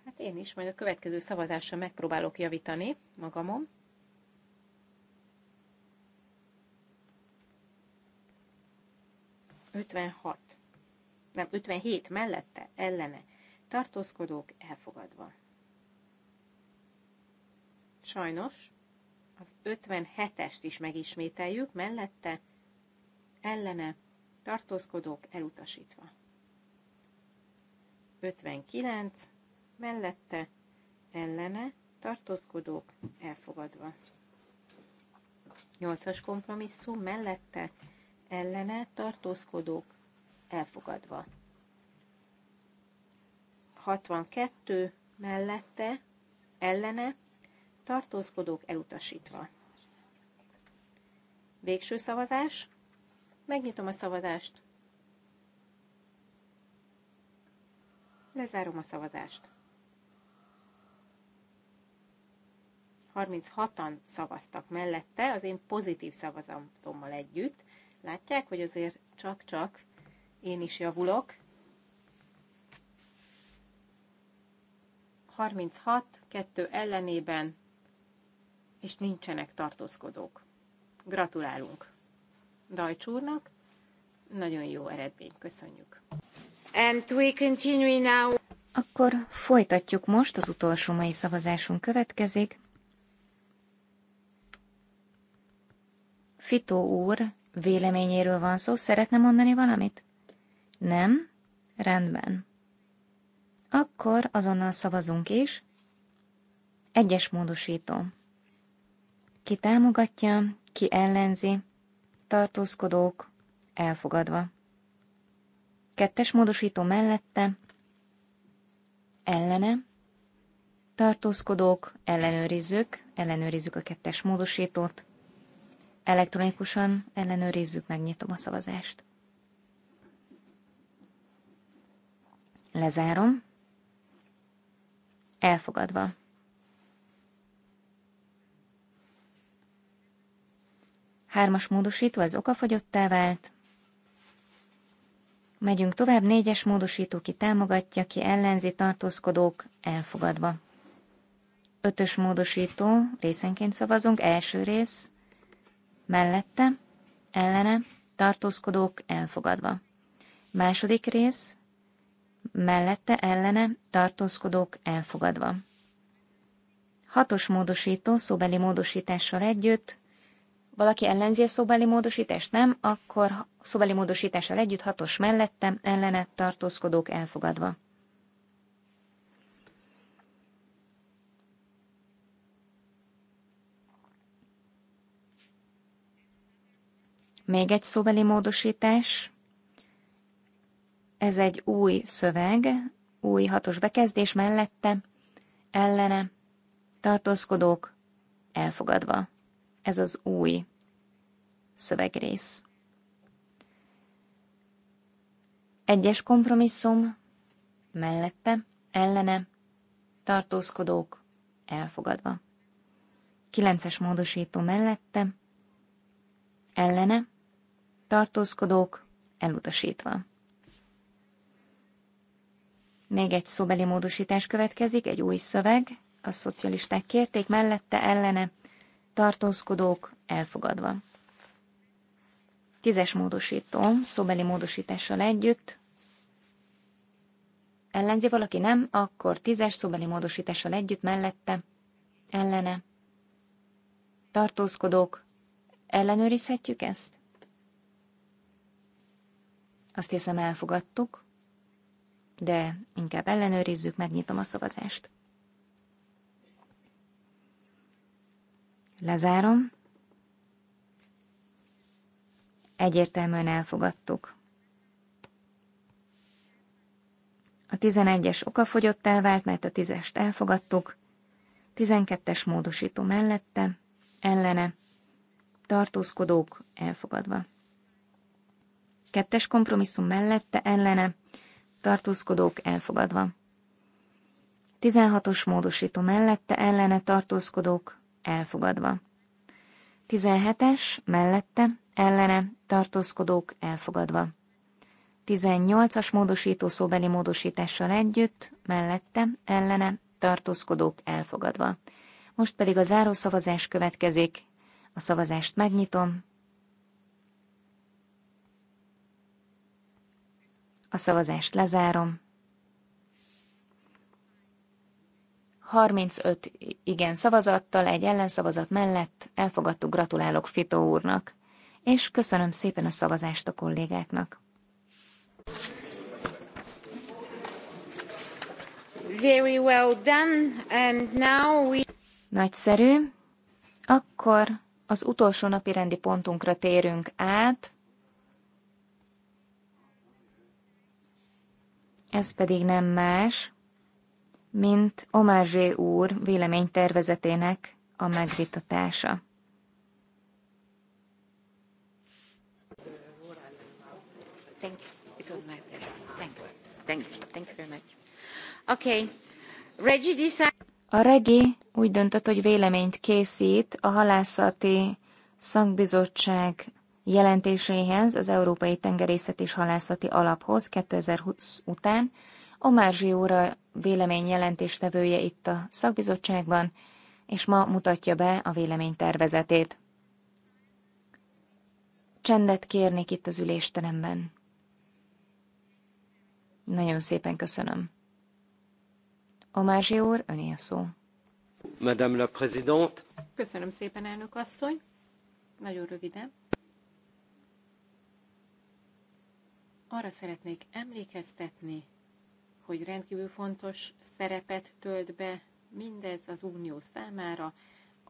Hát én is majd a következő szavazással megpróbálok javítani magamon. Ötvenhat, nem, 57 mellette, ellene, tartózkodók elfogadva. Sajnos az 57-est is megismételjük, mellette, ellene, tartózkodók elutasítva. 59, mellette, ellene, tartózkodók elfogadva. 8-as kompromisszum, mellette, ellene, tartózkodók elfogadva. 62, mellette, ellene, tartózkodók elutasítva. Végső szavazás. Megnyitom a szavazást. Lezárom a szavazást. 36-an szavaztak mellette, az én pozitív szavazatommal együtt. Látják, hogy azért csak-csak én is javulok. 36, 2 ellenében és nincsenek tartózkodók. Gratulálunk Dajcsúrnak, nagyon jó eredmény, köszönjük. And we continue now. Akkor folytatjuk most, az utolsó mai szavazásunk következik. Fitó úr véleményéről van szó, szeretne mondani valamit? Nem? Rendben. Akkor azonnal szavazunk is. Egyes módosítom. Ki támogatja, ki ellenzi, tartózkodók, elfogadva. Kettes módosító mellette, ellene, tartózkodók, ellenőrizzük, ellenőrizzük a kettes módosítót, elektronikusan ellenőrizzük, megnyitom a szavazást. Lezárom. Elfogadva. Hármas módosító az okafogyottá vált. Megyünk tovább, négyes módosító ki támogatja, ki ellenzi tartózkodók elfogadva. Ötös módosító, részenként szavazunk, első rész, mellette, ellene, tartózkodók elfogadva. Második rész, mellette, ellene, tartózkodók elfogadva. Hatos módosító szóbeli módosítással együtt, valaki ellenzi a szóbeli módosítást? Nem, akkor szóbeli módosítással együtt hatos mellette, ellene tartózkodók elfogadva. Még egy szóbeli módosítás. Ez egy új szöveg, új hatos bekezdés mellette, ellene, tartózkodók, elfogadva ez az új szövegrész. Egyes kompromisszum mellette, ellene, tartózkodók elfogadva. Kilences módosító mellette, ellene, tartózkodók elutasítva. Még egy szóbeli módosítás következik, egy új szöveg, a szocialisták kérték mellette, ellene, tartózkodók elfogadva. Tízes módosító, szóbeli módosítással együtt. Ellenzi valaki nem, akkor tízes szóbeli módosítással együtt mellette, ellene. Tartózkodók, ellenőrizhetjük ezt? Azt hiszem elfogadtuk, de inkább ellenőrizzük, megnyitom a szavazást. Lezárom. Egyértelműen elfogadtuk. A 11-es okafogyottá vált, mert a 10-est elfogadtuk. 12-es módosító mellette, ellene, tartózkodók elfogadva. Kettes kompromisszum mellette, ellene, tartózkodók elfogadva. 16-os módosító mellette, ellene, tartózkodók elfogadva. 17-es, mellette, ellene, tartózkodók, elfogadva. 18-as módosító szóbeli módosítással együtt, mellette, ellene, tartózkodók, elfogadva. Most pedig a záró szavazás következik. A szavazást megnyitom. A szavazást lezárom. 35 igen szavazattal, egy ellenszavazat mellett elfogadtuk, gratulálok Fitó úrnak, és köszönöm szépen a szavazást a kollégáknak. Very well done, and now we... Nagyszerű. Akkor az utolsó napi rendi pontunkra térünk át. Ez pedig nem más, mint Omázsé úr véleménytervezetének a megvitatása. Thank you. It was my Thanks. Thanks. Thank you very much. Okay. Reggie decided... A Regi úgy döntött, hogy véleményt készít a halászati szakbizottság jelentéséhez, az Európai Tengerészet és Halászati Alaphoz 2020 után, Omázsi Zsióra vélemény jelentéstevője itt a szakbizottságban, és ma mutatja be a vélemény tervezetét. Csendet kérnék itt az ülésteremben. Nagyon szépen köszönöm. Omázsi úr, öné a szó. Madame la Présidente. Köszönöm szépen, elnök asszony. Nagyon röviden. Arra szeretnék emlékeztetni, hogy rendkívül fontos szerepet tölt be mindez az unió számára,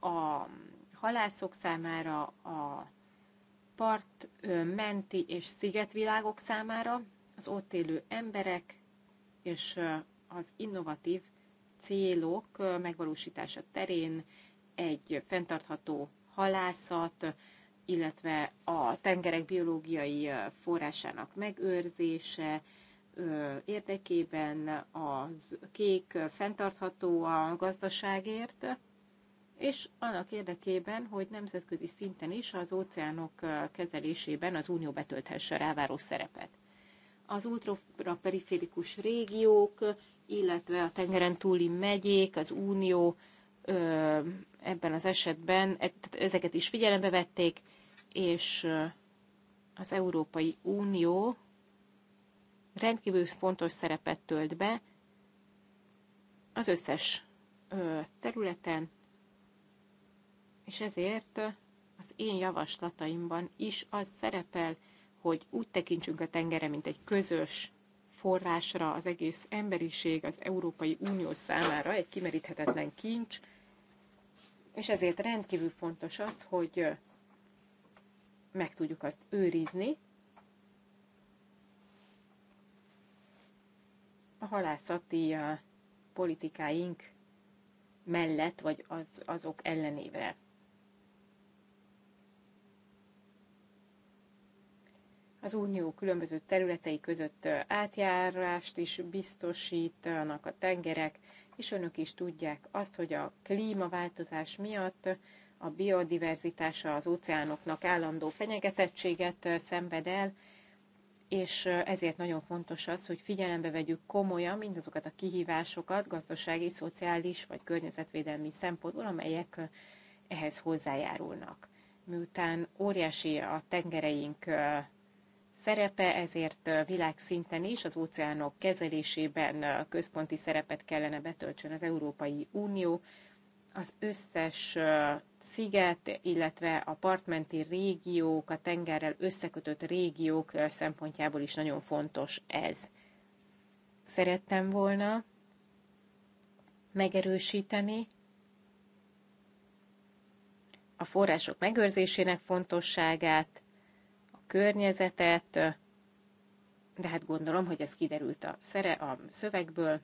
a halászok számára, a part menti és szigetvilágok számára, az ott élő emberek és az innovatív célok megvalósítása terén egy fenntartható halászat, illetve a tengerek biológiai forrásának megőrzése, érdekében, a kék fenntartható a gazdaságért, és annak érdekében, hogy nemzetközi szinten is az óceánok kezelésében az Unió betölthesse ráváró szerepet. Az ultraperiférikus régiók, illetve a tengeren túli megyék, az Unió ebben az esetben e-, ezeket is figyelembe vették, és az Európai Unió rendkívül fontos szerepet tölt be az összes területen, és ezért az én javaslataimban is az szerepel, hogy úgy tekintsünk a tengere, mint egy közös forrásra az egész emberiség, az Európai Unió számára egy kimeríthetetlen kincs, és ezért rendkívül fontos az, hogy meg tudjuk azt őrizni, a halászati politikáink mellett, vagy az, azok ellenévre? Az unió különböző területei között átjárást is biztosítanak a tengerek, és önök is tudják azt, hogy a klímaváltozás miatt a biodiverzitása az óceánoknak állandó fenyegetettséget szenved el, és ezért nagyon fontos az, hogy figyelembe vegyük komolyan mindazokat a kihívásokat gazdasági, szociális vagy környezetvédelmi szempontból, amelyek ehhez hozzájárulnak. Miután óriási a tengereink szerepe, ezért világszinten is az óceánok kezelésében központi szerepet kellene betöltsön az Európai Unió. Az összes sziget, illetve a partmenti régiók, a tengerrel összekötött régiók eh, szempontjából is nagyon fontos ez. Szerettem volna megerősíteni a források megőrzésének fontosságát, a környezetet, de hát gondolom, hogy ez kiderült a, szere, a szövegből.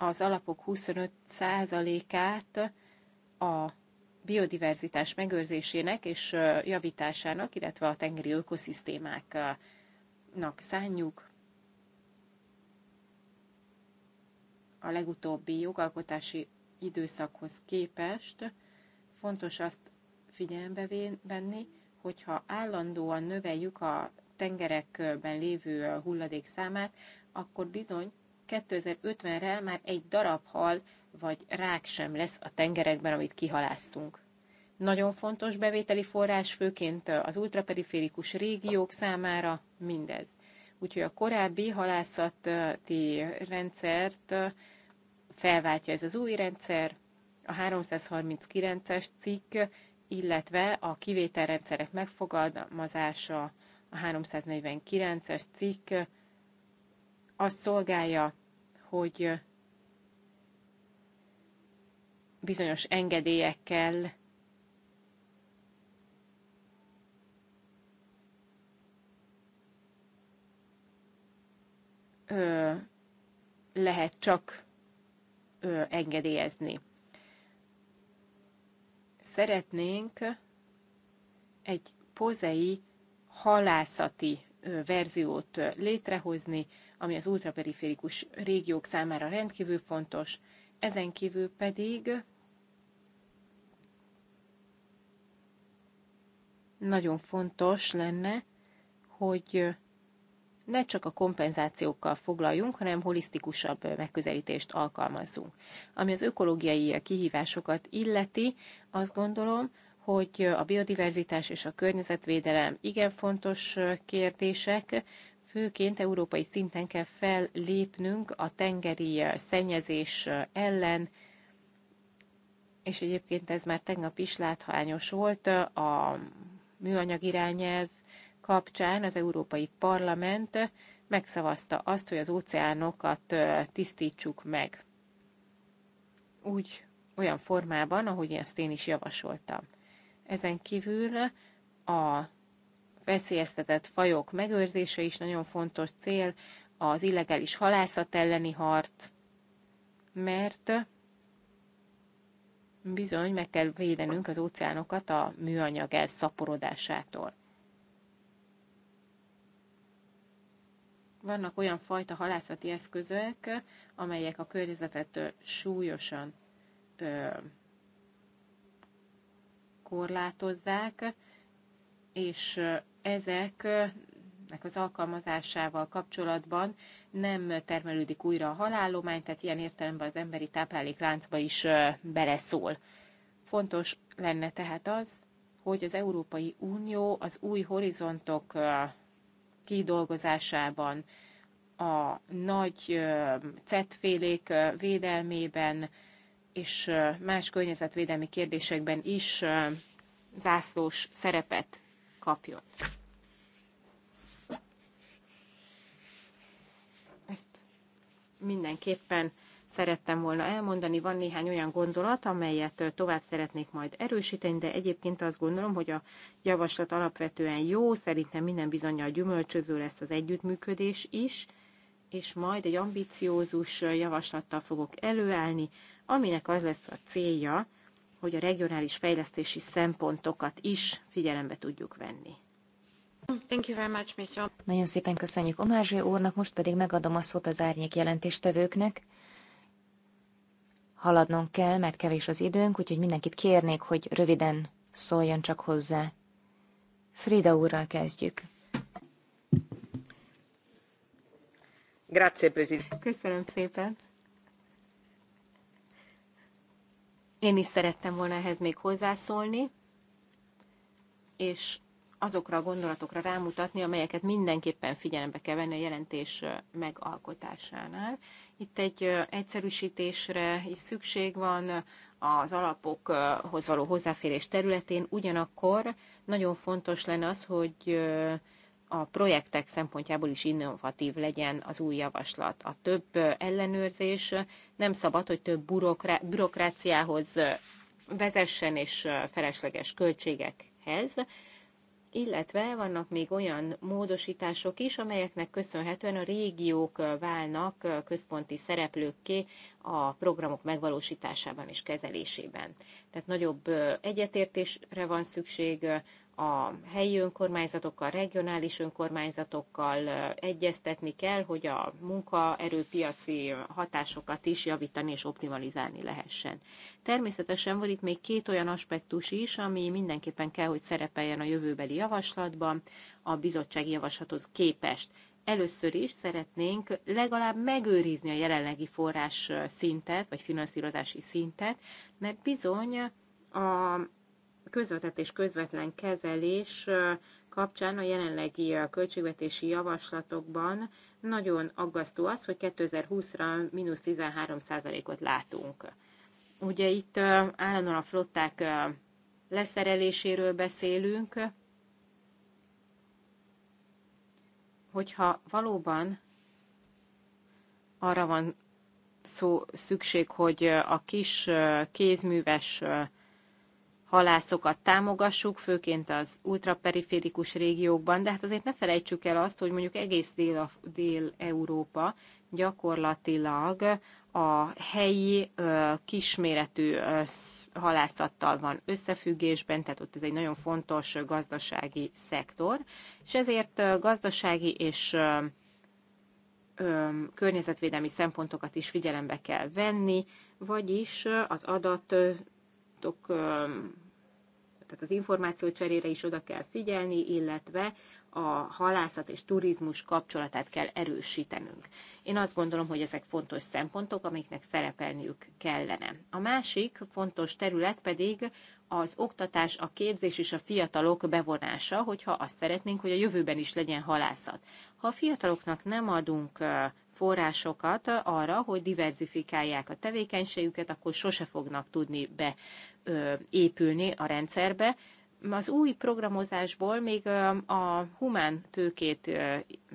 az alapok 25%-át a biodiverzitás megőrzésének és javításának, illetve a tengeri ökoszisztémáknak szánjuk. A legutóbbi jogalkotási időszakhoz képest fontos azt figyelembe venni, hogyha állandóan növeljük a tengerekben lévő hulladék számát, akkor bizony 2050-re már egy darab hal vagy rák sem lesz a tengerekben, amit kihalásszunk. Nagyon fontos bevételi forrás, főként az ultraperiférikus régiók számára mindez. Úgyhogy a korábbi halászati rendszert felváltja ez az új rendszer, a 339-es cikk, illetve a kivételrendszerek megfogalmazása, a 349-es cikk azt szolgálja, hogy bizonyos engedélyekkel ö, lehet csak ö, engedélyezni. Szeretnénk egy pozei halászati verziót létrehozni, ami az ultraperiférikus régiók számára rendkívül fontos, ezen kívül pedig nagyon fontos lenne, hogy ne csak a kompenzációkkal foglaljunk, hanem holisztikusabb megközelítést alkalmazzunk. Ami az ökológiai kihívásokat illeti, azt gondolom, hogy a biodiverzitás és a környezetvédelem igen fontos kérdések, főként európai szinten kell fellépnünk a tengeri eh, szennyezés eh, ellen, és egyébként ez már tegnap is láthányos volt eh, a műanyag irányelv kapcsán az Európai Parlament megszavazta azt, hogy az óceánokat tisztítsuk meg. Úgy, olyan formában, ahogy ezt én is javasoltam. Ezen kívül a veszélyeztetett fajok megőrzése is nagyon fontos cél, az illegális halászat elleni harc, mert bizony meg kell védenünk az óceánokat a műanyag elszaporodásától. Vannak olyan fajta halászati eszközök, amelyek a környezetet súlyosan ö, korlátozzák, és ezeknek az alkalmazásával kapcsolatban nem termelődik újra a halállomány, tehát ilyen értelemben az emberi táplálékláncba is beleszól. Fontos lenne tehát az, hogy az Európai Unió az új horizontok kidolgozásában, a nagy cetfélék védelmében és más környezetvédelmi kérdésekben is zászlós szerepet kapjon. mindenképpen szerettem volna elmondani. Van néhány olyan gondolat, amelyet tovább szeretnék majd erősíteni, de egyébként azt gondolom, hogy a javaslat alapvetően jó, szerintem minden bizonyal gyümölcsöző lesz az együttműködés is, és majd egy ambiciózus javaslattal fogok előállni, aminek az lesz a célja, hogy a regionális fejlesztési szempontokat is figyelembe tudjuk venni. Thank you very much, Mr. Nagyon szépen köszönjük Omázsé úrnak, most pedig megadom a szót az árnyék jelentéstevőknek. Haladnunk kell, mert kevés az időnk, úgyhogy mindenkit kérnék, hogy röviden szóljon csak hozzá. Frida úrral kezdjük. Grazie, Presidente. Köszönöm szépen. Én is szerettem volna ehhez még hozzászólni, és azokra a gondolatokra rámutatni, amelyeket mindenképpen figyelembe kell venni a jelentés megalkotásánál. Itt egy egyszerűsítésre is szükség van az alapokhoz való hozzáférés területén, ugyanakkor nagyon fontos lenne az, hogy a projektek szempontjából is innovatív legyen az új javaslat. A több ellenőrzés nem szabad, hogy több bürokrá- bürokráciához vezessen és felesleges költségekhez, illetve vannak még olyan módosítások is, amelyeknek köszönhetően a régiók válnak központi szereplőkké a programok megvalósításában és kezelésében. Tehát nagyobb egyetértésre van szükség a helyi önkormányzatokkal, regionális önkormányzatokkal egyeztetni kell, hogy a munkaerőpiaci hatásokat is javítani és optimalizálni lehessen. Természetesen van itt még két olyan aspektus is, ami mindenképpen kell, hogy szerepeljen a jövőbeli javaslatban, a bizottsági javaslathoz képest. Először is szeretnénk legalább megőrizni a jelenlegi forrás szintet, vagy finanszírozási szintet, mert bizony a közvetett és közvetlen kezelés kapcsán a jelenlegi költségvetési javaslatokban nagyon aggasztó az, hogy 2020-ra mínusz 13%-ot látunk. Ugye itt állandóan a flották leszereléséről beszélünk, hogyha valóban arra van szó szükség, hogy a kis kézműves halászokat támogassuk, főként az ultraperiférikus régiókban, de hát azért ne felejtsük el azt, hogy mondjuk egész Dél-Európa gyakorlatilag a helyi kisméretű halászattal van összefüggésben, tehát ott ez egy nagyon fontos gazdasági szektor, és ezért gazdasági és környezetvédelmi szempontokat is figyelembe kell venni, vagyis az adat tudtok, tehát az információ cserére is oda kell figyelni, illetve a halászat és turizmus kapcsolatát kell erősítenünk. Én azt gondolom, hogy ezek fontos szempontok, amiknek szerepelniük kellene. A másik fontos terület pedig az oktatás, a képzés és a fiatalok bevonása, hogyha azt szeretnénk, hogy a jövőben is legyen halászat. Ha a fiataloknak nem adunk forrásokat arra, hogy diverzifikálják a tevékenységüket, akkor sose fognak tudni beépülni a rendszerbe. Az új programozásból még a humán tőkét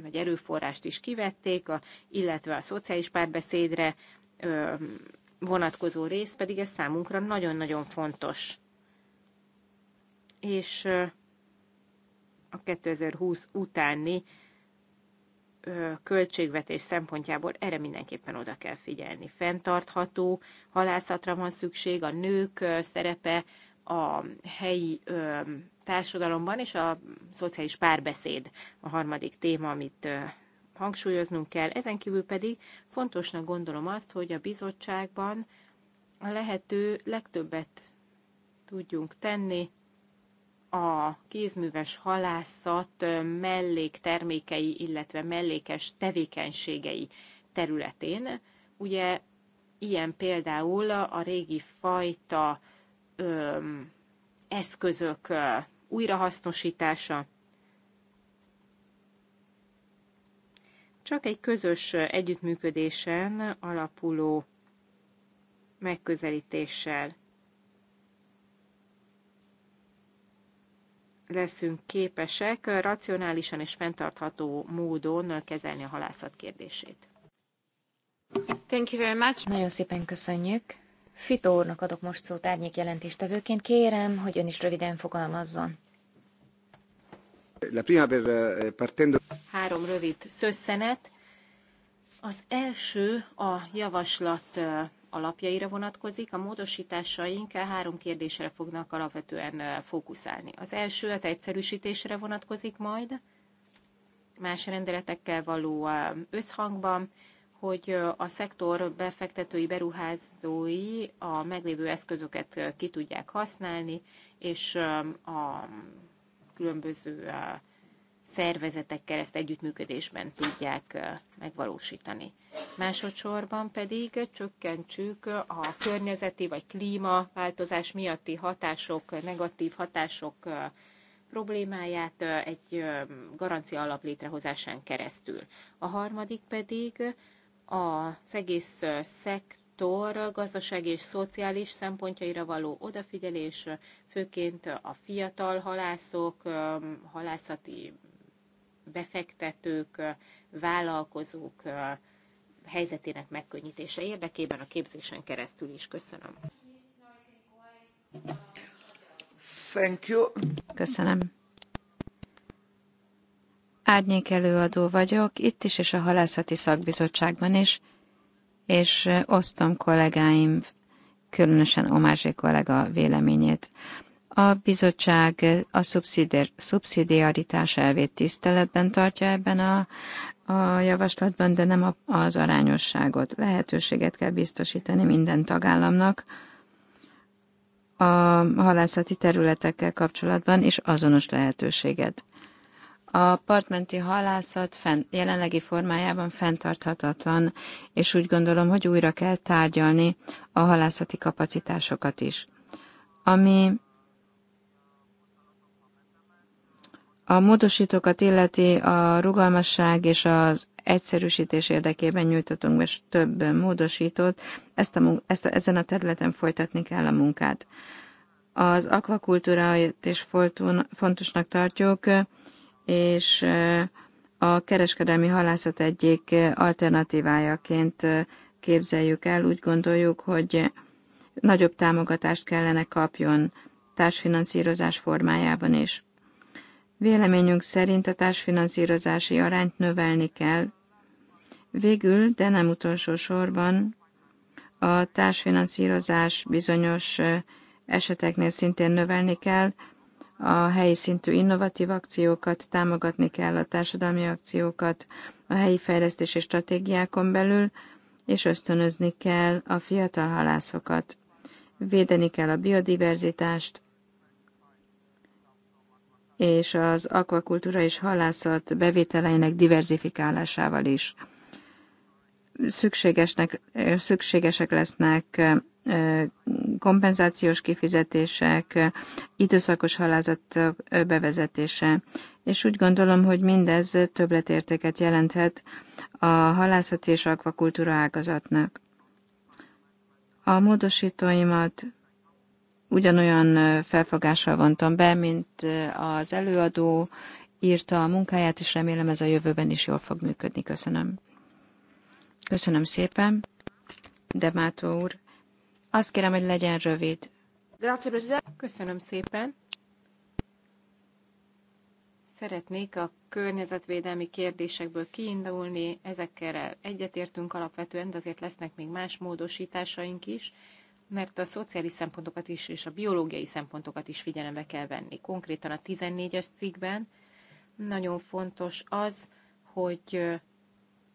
vagy erőforrást is kivették, illetve a szociális párbeszédre vonatkozó rész, pedig ez számunkra nagyon-nagyon fontos. És a 2020 utáni költségvetés szempontjából erre mindenképpen oda kell figyelni. Fenntartható halászatra van szükség, a nők szerepe a helyi társadalomban, és a szociális párbeszéd a harmadik téma, amit hangsúlyoznunk kell. Ezen kívül pedig fontosnak gondolom azt, hogy a bizottságban a lehető legtöbbet tudjunk tenni a kézműves halászat melléktermékei, illetve mellékes tevékenységei területén. Ugye ilyen például a régi fajta ö, eszközök ö, újrahasznosítása. Csak egy közös együttműködésen alapuló megközelítéssel leszünk képesek racionálisan és fenntartható módon kezelni a halászat kérdését. Thank you very much. Nagyon szépen köszönjük. Fitó úrnak adok most szót árnyék jelentéstevőként. Kérem, hogy ön is röviden fogalmazzon. La prima per, eh, partendo... Három rövid szösszenet. Az első a javaslat eh, alapjaira vonatkozik. A módosításaink e három kérdésre fognak alapvetően e, fókuszálni. Az első az egyszerűsítésre vonatkozik majd, más rendeletekkel való e, összhangban, hogy a szektor befektetői, beruházói a meglévő eszközöket ki tudják használni, és a különböző szervezetekkel ezt együttműködésben tudják megvalósítani. Másodszorban pedig csökkentsük a környezeti vagy klímaváltozás miatti hatások, negatív hatások problémáját egy garancia alap létrehozásán keresztül. A harmadik pedig az egész szektor gazdasági és szociális szempontjaira való odafigyelés, főként a fiatal halászok, halászati befektetők, vállalkozók helyzetének megkönnyítése érdekében a képzésen keresztül is. Köszönöm. Thank you. Köszönöm. Árnyék előadó vagyok, itt is és a Halászati Szakbizottságban is, és osztom kollégáim, különösen Omázsé kollega véleményét. A bizottság a szubszidiaritás elvét tiszteletben tartja ebben a, a javaslatban, de nem az arányosságot. Lehetőséget kell biztosítani minden tagállamnak a halászati területekkel kapcsolatban, és azonos lehetőséget. A partmenti halászat fent, jelenlegi formájában fenntarthatatlan, és úgy gondolom, hogy újra kell tárgyalni a halászati kapacitásokat is. Ami A módosítókat illeti a rugalmasság és az egyszerűsítés érdekében nyújtottunk most több módosítót, ezt a, ezt a, ezen a területen folytatni kell a munkát. Az és is fontosnak tartjuk, és eh, a kereskedelmi halászat egyik eh, alternatívájaként eh, képzeljük el. Úgy gondoljuk, hogy nagyobb támogatást kellene kapjon társfinanszírozás formájában is. Véleményünk szerint a társfinanszírozási arányt növelni kell. Végül, de nem utolsó sorban, a társfinanszírozás bizonyos eseteknél szintén növelni kell, a helyi szintű innovatív akciókat, támogatni kell a társadalmi akciókat a helyi fejlesztési stratégiákon belül, és ösztönözni kell a fiatal halászokat. Védeni kell a biodiverzitást, és az akvakultúra és halászat bevételeinek diverzifikálásával is. Szükségesnek, szükségesek lesznek kompenzációs kifizetések, időszakos halázat bevezetése, és úgy gondolom, hogy mindez többletértéket jelenthet a halászat és akvakultúra ágazatnak. A módosítóimat ugyanolyan felfogással vontam be, mint az előadó írta a munkáját, és remélem ez a jövőben is jól fog működni. Köszönöm. Köszönöm szépen, Demátó úr. Azt kérem, hogy legyen rövid. Köszönöm szépen. Szeretnék a környezetvédelmi kérdésekből kiindulni, ezekkel egyetértünk alapvetően, de azért lesznek még más módosításaink is mert a szociális szempontokat is és a biológiai szempontokat is figyelembe kell venni. Konkrétan a 14-es cikkben nagyon fontos az, hogy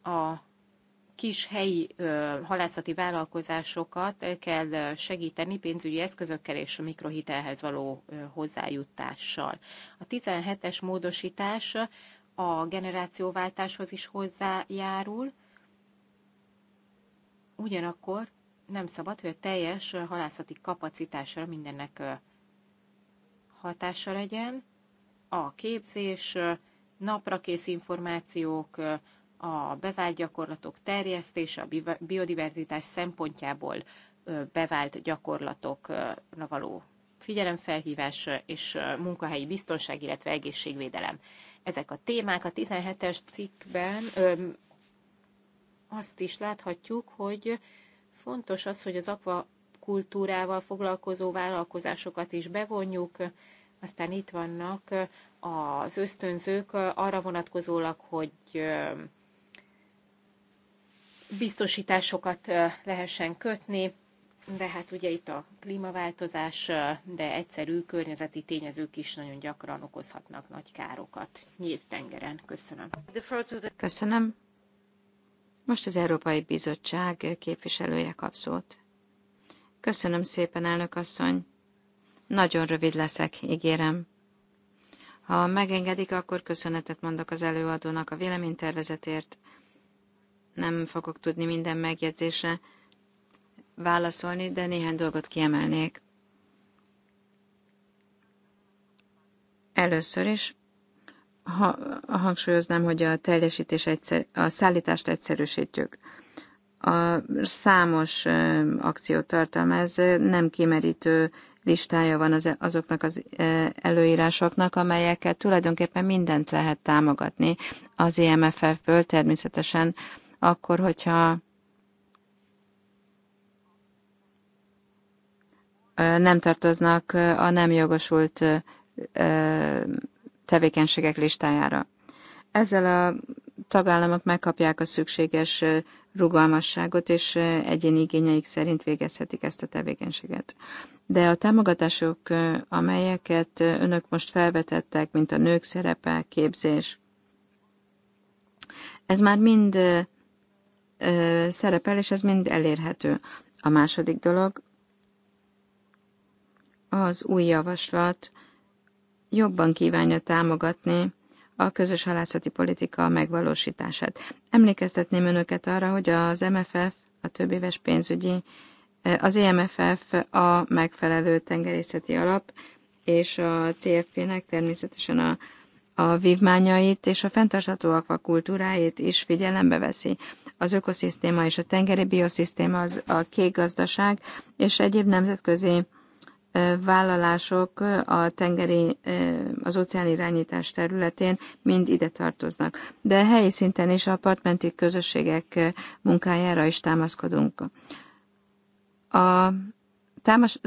a kis helyi halászati vállalkozásokat kell segíteni pénzügyi eszközökkel és a mikrohitelhez való hozzájutással. A 17-es módosítás a generációváltáshoz is hozzájárul, ugyanakkor nem szabad, hogy a teljes halászati kapacitásra mindennek hatása legyen. A képzés, naprakész információk, a bevált gyakorlatok terjesztése, a biodiverzitás szempontjából bevált gyakorlatokra való figyelemfelhívás és munkahelyi biztonság, illetve egészségvédelem. Ezek a témák a 17-es cikkben azt is láthatjuk, hogy Fontos az, hogy az akvakultúrával foglalkozó vállalkozásokat is bevonjuk, aztán itt vannak az ösztönzők arra vonatkozólag, hogy biztosításokat lehessen kötni, de hát ugye itt a klímaváltozás, de egyszerű környezeti tényezők is nagyon gyakran okozhatnak nagy károkat nyílt tengeren. Köszönöm. Köszönöm. Most az Európai Bizottság képviselője kap szót. Köszönöm szépen, elnök asszony. Nagyon rövid leszek, ígérem. Ha megengedik, akkor köszönetet mondok az előadónak a véleménytervezetért. Nem fogok tudni minden megjegyzésre válaszolni, de néhány dolgot kiemelnék. Először is ha, hangsúlyoznám, hogy a teljesítés egyszer, a szállítást egyszerűsítjük. A számos akciót tartalmaz, nem kimerítő listája van az, azoknak az előírásoknak, amelyeket tulajdonképpen mindent lehet támogatni az EMFF-ből, természetesen akkor, hogyha nem tartoznak a nem jogosult tevékenységek listájára. Ezzel a tagállamok megkapják a szükséges rugalmasságot, és egyéni igényeik szerint végezhetik ezt a tevékenységet. De a támogatások, amelyeket önök most felvetettek, mint a nők szerepe, képzés, ez már mind szerepel, és ez mind elérhető. A második dolog az új javaslat, jobban kívánja támogatni a közös halászati politika megvalósítását. Emlékeztetném önöket arra, hogy az MFF, a éves pénzügyi, eh, az EMFF a megfelelő tengerészeti alap, és a CFP-nek természetesen a, a vívmányait és a fenntartható akvakultúráit is figyelembe veszi. Az ökoszisztéma és a tengeri bioszisztéma, az, a kék gazdaság és egyéb nemzetközi vállalások a tengeri, az óceán irányítás területén mind ide tartoznak. De helyi szinten is a partmenti közösségek munkájára is támaszkodunk. A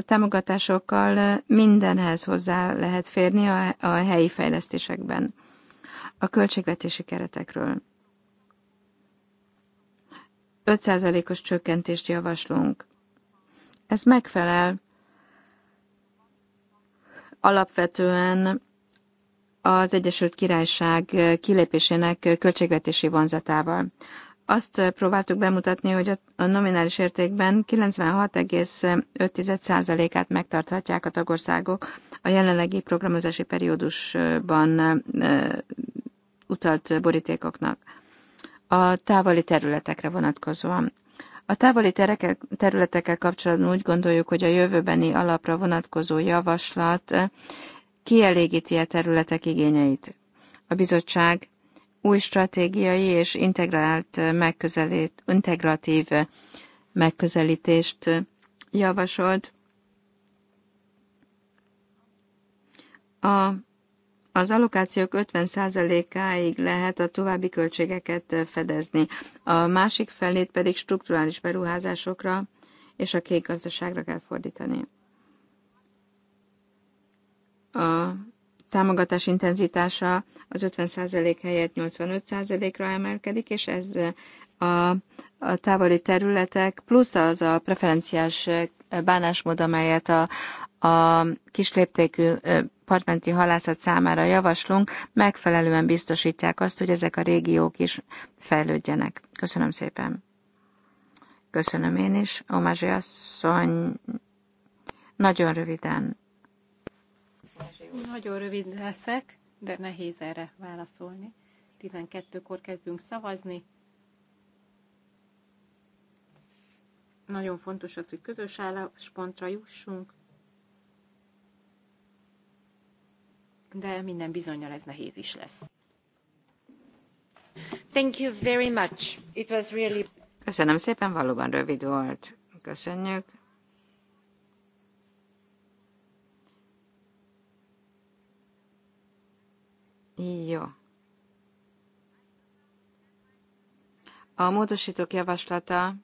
támogatásokkal mindenhez hozzá lehet férni a, a helyi fejlesztésekben, a költségvetési keretekről. 5%-os csökkentést javaslunk. Ez megfelel alapvetően az Egyesült Királyság eh, kilépésének költségvetési vonzatával. Azt eh, próbáltuk bemutatni, hogy a nominális értékben 96,5%-át megtarthatják a tagországok a jelenlegi programozási periódusban eh, utalt borítékoknak a távoli területekre vonatkozóan. A távoli tereke, területekkel kapcsolatban úgy gondoljuk, hogy a jövőbeni alapra vonatkozó javaslat eh, kielégíti a területek igényeit. A bizottság új stratégiai és integrált eh, megközelít, integratív eh, megközelítést javasolt. A az allokációk 50%-áig lehet a további költségeket fedezni, a másik felét pedig strukturális beruházásokra és a kék gazdaságra kell fordítani. A támogatás intenzitása az 50% helyett 85%-ra emelkedik, és ez a, a távoli területek, plusz az a preferenciás bánásmód, amelyet a, a kisléptékű partmenti halászat számára javaslunk, megfelelően biztosítják azt, hogy ezek a régiók is fejlődjenek. Köszönöm szépen. Köszönöm én is. Omázsi asszony, nagyon röviden. Nagyon rövid leszek, de nehéz erre válaszolni. 12-kor kezdünk szavazni. Nagyon fontos az, hogy közös álláspontra jussunk. de minden bizonyal ez nehéz is lesz. Thank you very much. It was really... Köszönöm szépen, valóban rövid volt. Köszönjük. Jó. A módosítók javaslata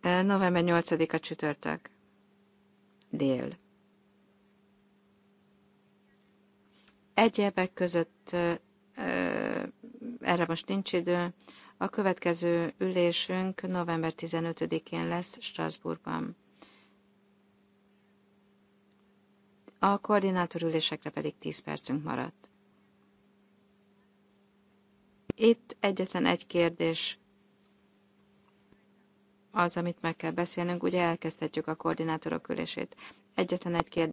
eh, november 8-a csütörtök. Dél. Egyebek között erre most nincs idő. A következő ülésünk november 15-én lesz Strasbourgban. A koordinátor ülésekre pedig 10 percünk maradt. Itt egyetlen egy kérdés az, amit meg kell beszélnünk. Ugye elkezdhetjük a koordinátorok ülését. Egyetlen egy kérdés.